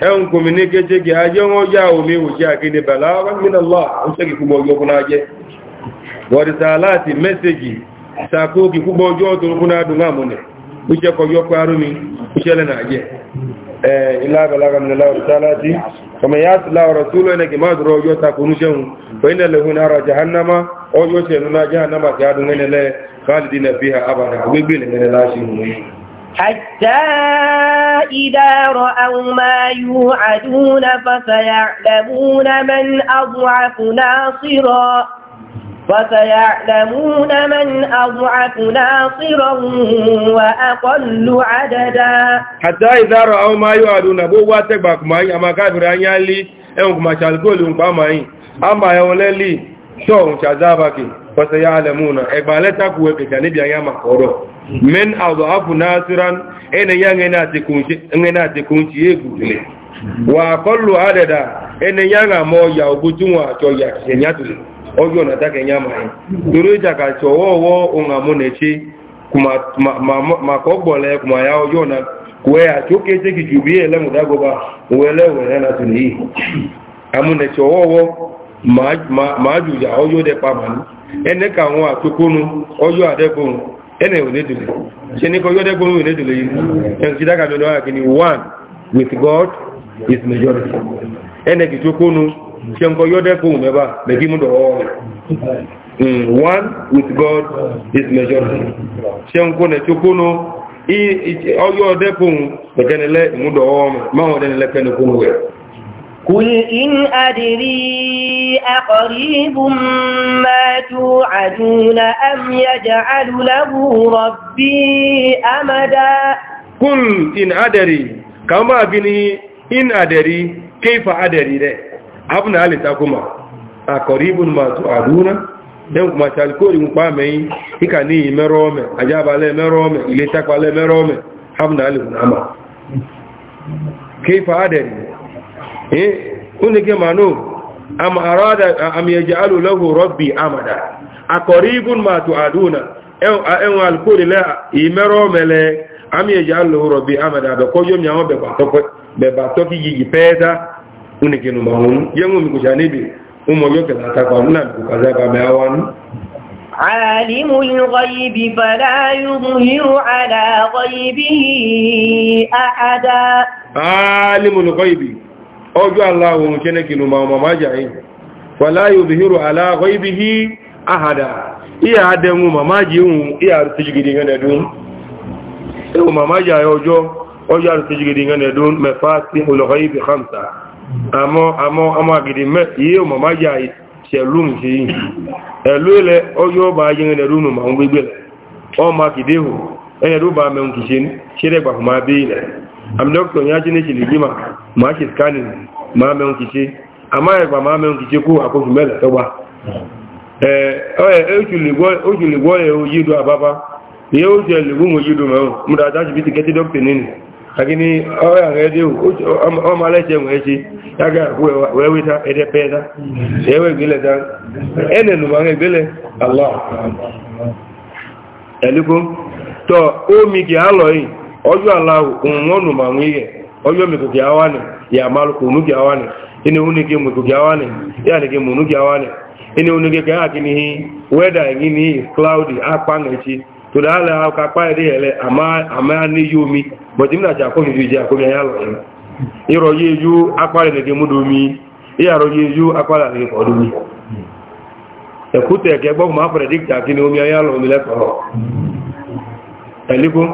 ẹun kòmìníkẹ́ ṣeke ajẹ́wọ̀n yá omi òṣì àkéde bàlá ọgbẹ́gbẹ́lá ọ̀ṣẹ́kì púpọ̀ ọjọ́ kúnná jẹ́ wọ̀dìsà ọjọ́ Eh, illa balaga min Allah risalati kama yasla wa rasuluhu inaki ma duro yo ta kunu shehun fa inna lahu nara jahannama o yo she nuna jahannama ka dun ne le khalidina حتى إذا رأوا ما يوعدون فسيعلمون من أضعف ناصراً فسيعلمون من أضعف ناصرا وأقل عددا حتى إذا رأوا ما يعدون بوا تكبك معي أما كافر أن يالي أنكم أشالكول أنكم معي أما يولي شو شعذابك فسيعلمون إقبالتك وكتانيب يا مقرد من أضعف ناصرا إن ينغناتي كنشي يقول وأقل عددا إن ينغمو يوبتوا وأتوا يكسينياتوا ọjọ́ ọ̀nà tákẹ̀ yá máa torí ìjàkà ọwọ́ ohun àmúnẹ̀ṣe kọ̀ọ̀kọ̀ gbọ̀lẹ̀ kùmà ya ọjọ́ ọ̀nà kò ẹ̀ àti ó kéèṣe kìjù bí ẹlẹ́mùdágọba òwẹ́lẹ́wẹ̀ẹ́ náà tún yìí ọjọ dị ọjọ́ ene ọjọ́ e one with god is majority Shenko hmm, One with God is majority. Shenko Nechukuno, Oyode Kum, the Kenele Mudo, Mao Denele Kenukumwe. قل إن أدري أقريب na توعدون أم يجعل له ربي أمدا قل إن أدري كما بني إن أدري كيف أدري ده abu na alita kuma a koribun masu aduna don kuma talikori nkwa mai ika ni imero ome ajabale emero ome ile takwala emero ome abu na alifun ama kaifa adari eh kuni ke manu am arada am yaj'alu lahu rabbi amada akoribun masu aduna en alkori la imero mele am yaj'alu lahu rabbi amada be koyo mi awon be ba to ki yi peda unike numa hun yango mi kushanibi umo yoke la takwa mna kukazaba meawanu عالم الغيب فلا يظهر على غيبه أحدا عالم الغيب أجو الله ونشنك نما وما جاي فلا يظهر على غيبه أحدا إيا أدم وما جيون إيا أرتجي ندون وما جاي أجو أجو أرتجي ندون مفاتيح الغيب خمسة àmọ́ àmọ́ àmọ́ àgìdì mẹ́ iye o ya yà elu ṣe yìí ẹ̀lú elu ọjọ́ bá yẹ ẹ̀rẹ́rú nù ma ń gbégbé lẹ̀ ọmọ àkìdé hù ẹ̀rẹ́rú ṣe ṣẹ́rẹ́gbà fún máa bí ilẹ̀ àmì ṣe ṣe lè jímà máa ṣe scanning ma mẹ́un kì ṣe àmá ṣe kó oṣù lè gbọ́ àbábá iye oṣù lè aga wee weta edepe eda ewe egele da ene nu ma egele allah eliko to omi ki alo yi ojo ala ohun nu ma wi ye ojo mi ko ki awani ya malu ko nu ki awani ine uni ki mu ko ki awani ya ni ki mu nu ki awani ini uni ki ka akini weather ngi ni cloudy apa ngi to da ala ka pa ede ele ama ama ni yomi but mi na ja ko mi ju je ko ya lo ìrọ̀ yéjú apárẹ̀ lẹ́gẹ̀ múdomi ìyàrọ̀ yéjú apárẹ̀ lẹ́gẹ̀ ọdúnmi ẹ̀kútẹ̀ ẹ̀kẹ́ gbọ́gbùn máa pẹ̀lẹ̀díkà kí ni omi ayá lọ omi lẹ́kọ̀ọ́ ẹ̀líkún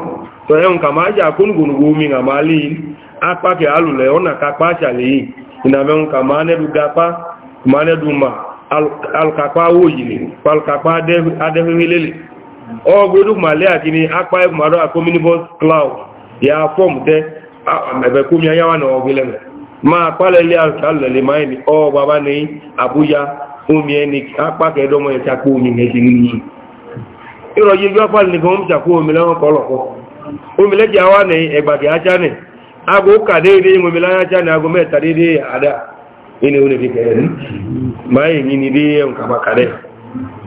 tọ́ ẹ̀hùn kà máa jà kónùgbònùgbò omi à máa lè apákẹ̀ alùlẹ̀ ọ̀nà kápá àṣàlẹ̀ ìnàmẹ́hùn kà máa nẹ́dù gapá máa nẹ́dù mà alùkàpá wòyìlì palùkàpá adẹ́fẹ́fẹ́lẹ́lẹ̀ ọgbọ́dún màlẹ́ àkíní apá ẹ̀kùnmọ́dọ́ cloud ya fọ́ọ̀mù tẹ́ ẹ̀bẹ̀ kú mi ayáwà náà ọgbẹ́lẹ̀ mẹ́ máa pálẹ̀lẹ́ àṣàlẹ̀lẹ̀ máa ní ọ bàbá ní àbúyá omi ẹni apákẹ́dọ́mọ ìṣàkó omi ẹ̀ṣẹ̀ nìyí ìrọ̀yí igbá pàlẹ̀ nìkan ń ṣàkó omi lẹ́wọ̀n kọlọ̀kọ́ omi lẹ́jẹ̀ àwà ní ẹgbàgbẹ̀ ajá ní aago kàdéédé omi láyájá ní aago mẹ́ta déédé àdá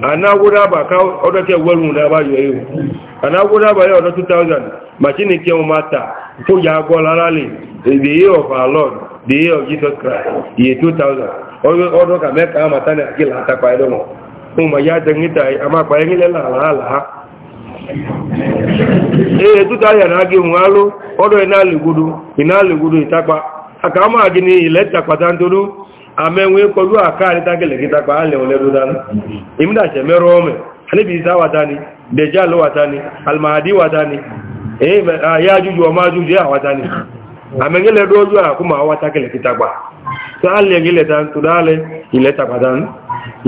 anagwụrụ aba ka ọdọcha egwelu na agbayọ ewu anagwụrụ aba ya ọdọ 2000 ma chineke ya taa kwụya agwọlarali the year of our lord the year of jesus christ year 2000 ọdọ ka mee ka ama mata na akịla atakwa ụmụ ya dengịta ama enyelela ala ala ha ee 2000 alụ ọdọ ịna gudu gudu n'ihi kpata amẹ́wé kọlu àkáàrí tágẹ̀lẹ̀gẹ́ta pa á lẹ̀wọ̀n lẹ́rú dáná ìmúdàṣẹ̀ mẹ́rọ ọmọ alébì isa wata eh, ah, e e ni dejalo wata ni almahadi wata ni ya jújú ọmọ ajújú ya wata ni amẹ́gẹ́lẹ̀ rọ́jú àkúmọ̀ àwọn tágẹ̀lẹ̀gẹ́ta pa tó á lẹ́gẹ́lẹ̀ tán tó dálẹ̀ ilẹ̀ tapadan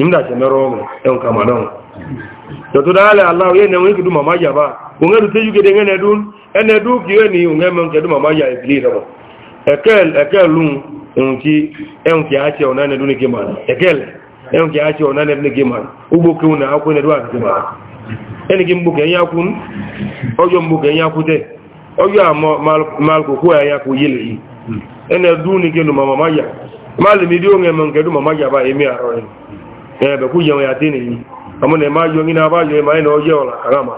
ìmúdàṣẹ̀ mẹ́rọ ọmọ ẹun kamadọ́n tọ̀tọ̀ dálẹ̀ aláwọ̀ yẹ́ nẹ̀wọ̀n ìkìdú màmá yà bá òun ẹ̀rù tẹ́jú gẹ́gẹ́ ẹnẹ́dún ẹnẹ́dún nki enki ache onane duni kimana ekele enki ache onane duni kimana ubuke una akwe ne dwa kimana eni kimbuke yakun ojo mbuke yakute ojo mal mal ko ya yaku yile ene duni kenu mama maya mali midio nge menge du mama ya ba emi aro ni ebe ku yo yatini ni amone ma yo ngina ba yo ma ene ojo la kama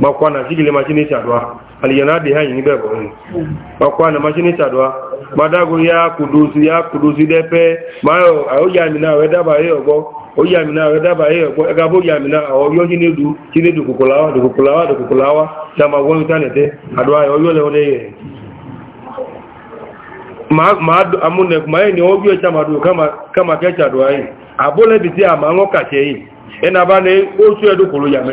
makwana sikile machini chadwa aliyanadi hayi ni bebo makwana machini chadwa madago ya kudusi ya kudusi depe mayo aoyamina wedaba eyogo oyamina wedaba eyogo egabo yamina oyo jinedu jinedu kukulawa dukukulawa dukukulawa chama won tanete le one ma ma amune ma ni chama du kama kama kecha abole ama ena ba ne osu ena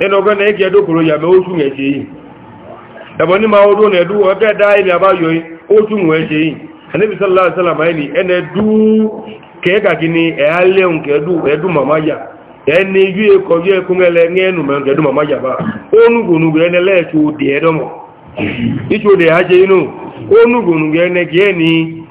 e ogo ne ege edukulu yame osu ga yi ebo ni ma na edu ebe da ile ojú wọn ṣe yìí anábi sallallahu alaihi wasallam ẹni ẹni ẹdú kẹ́ẹ̀kà gini ẹ̀yà lẹ́hùn kẹ́ẹ̀dù ẹ̀dù màmá yà ẹni yú ẹkọ yú ẹkún ẹlẹ ẹnu mẹ́rin kẹ́ẹ̀dù màmá yà bá ọ́nùgbònùgbò ẹni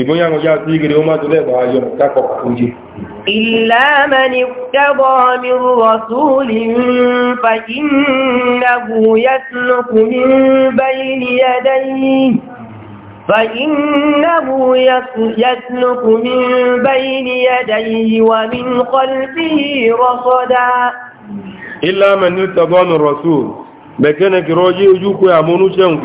ìgbóyà ọjọ́ àti ìgbèrè ọmọ tó lẹ́gbàá ayọ̀ kákọ̀ oúnjẹ. ìlà mẹ́ni mi rọ̀ súnlì ń fàyí nàbù yẹ́sùnùkù ní báyìí ni ẹ̀dẹ́yìn فإنه يسلك من بين يديه ومن خلفه رصدا إلا من يتبع الرسول بكنك روجي وجوك يا منو شنك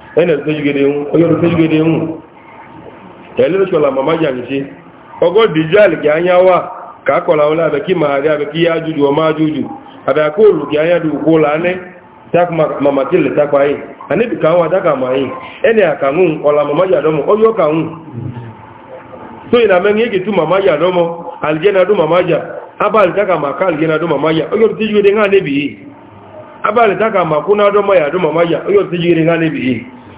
ẹnẹ tẹjúgede ń ọyọdún tẹjúgede ń ẹlẹ́lẹ́sọ̀lá màmá jàǹṣe ọgọ́ dìjọ́lì kí ányá wà kàákọ̀lá ọlá abẹ kí màá rí abẹ kí yá jújù ọmá jújù abẹ akóòlù kí ányá dùn kó lánẹ́ màmá tí lè tápa yìí àníbì káwọn adáka màá yìí ẹnẹ àkànún ọlá màmá yàdọ́mọ ọyọ́ kàún tó ìnà mẹ́rin èkì tú màmá yàdọ́mọ àlìjẹ́nadún màmá yà abáàlì táka màá ká àlìjẹ́nadún màmá yà ọyọ́ tẹjúgede ń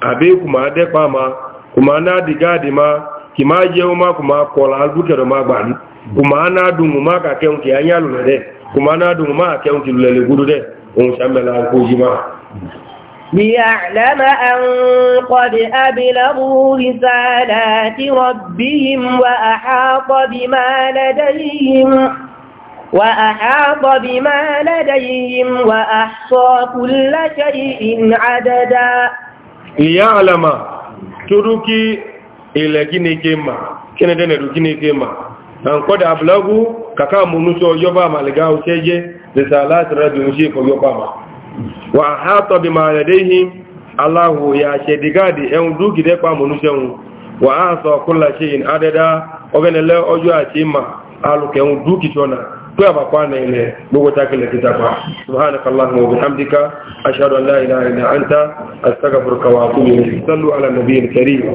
abe kuma adekpa ma kuma na digadi ma kima jewu ma kuma kola albukero ma gbani kuma na dungu ma ka keun ki anya lule de kuma na dungu ma keun ki lule gudu de on shamela ko jima ليعلم أن قد أبلغوا رسالات ربهم وأحاط بما لديهم وأحاط بما لديهم وأحصى كل شيء عددا liya alama turuki ila gine gema kene dene du gine gema an koda ablagu kaka munuso yoba maliga useje risalat rabbi mushiko yoba ma wa hata bima yadayhi allah ya shedigadi en du gide pa munuso wa asa kullu shay'in adada obenele ojo atima aluke en du kitona طيب أقوانا إليه بوتاك الكتابة سبحانك اللهم وبحمدك أشهد أن لا إله إلا أنت أستغفرك وأتوب إليك صلوا على النبي الكريم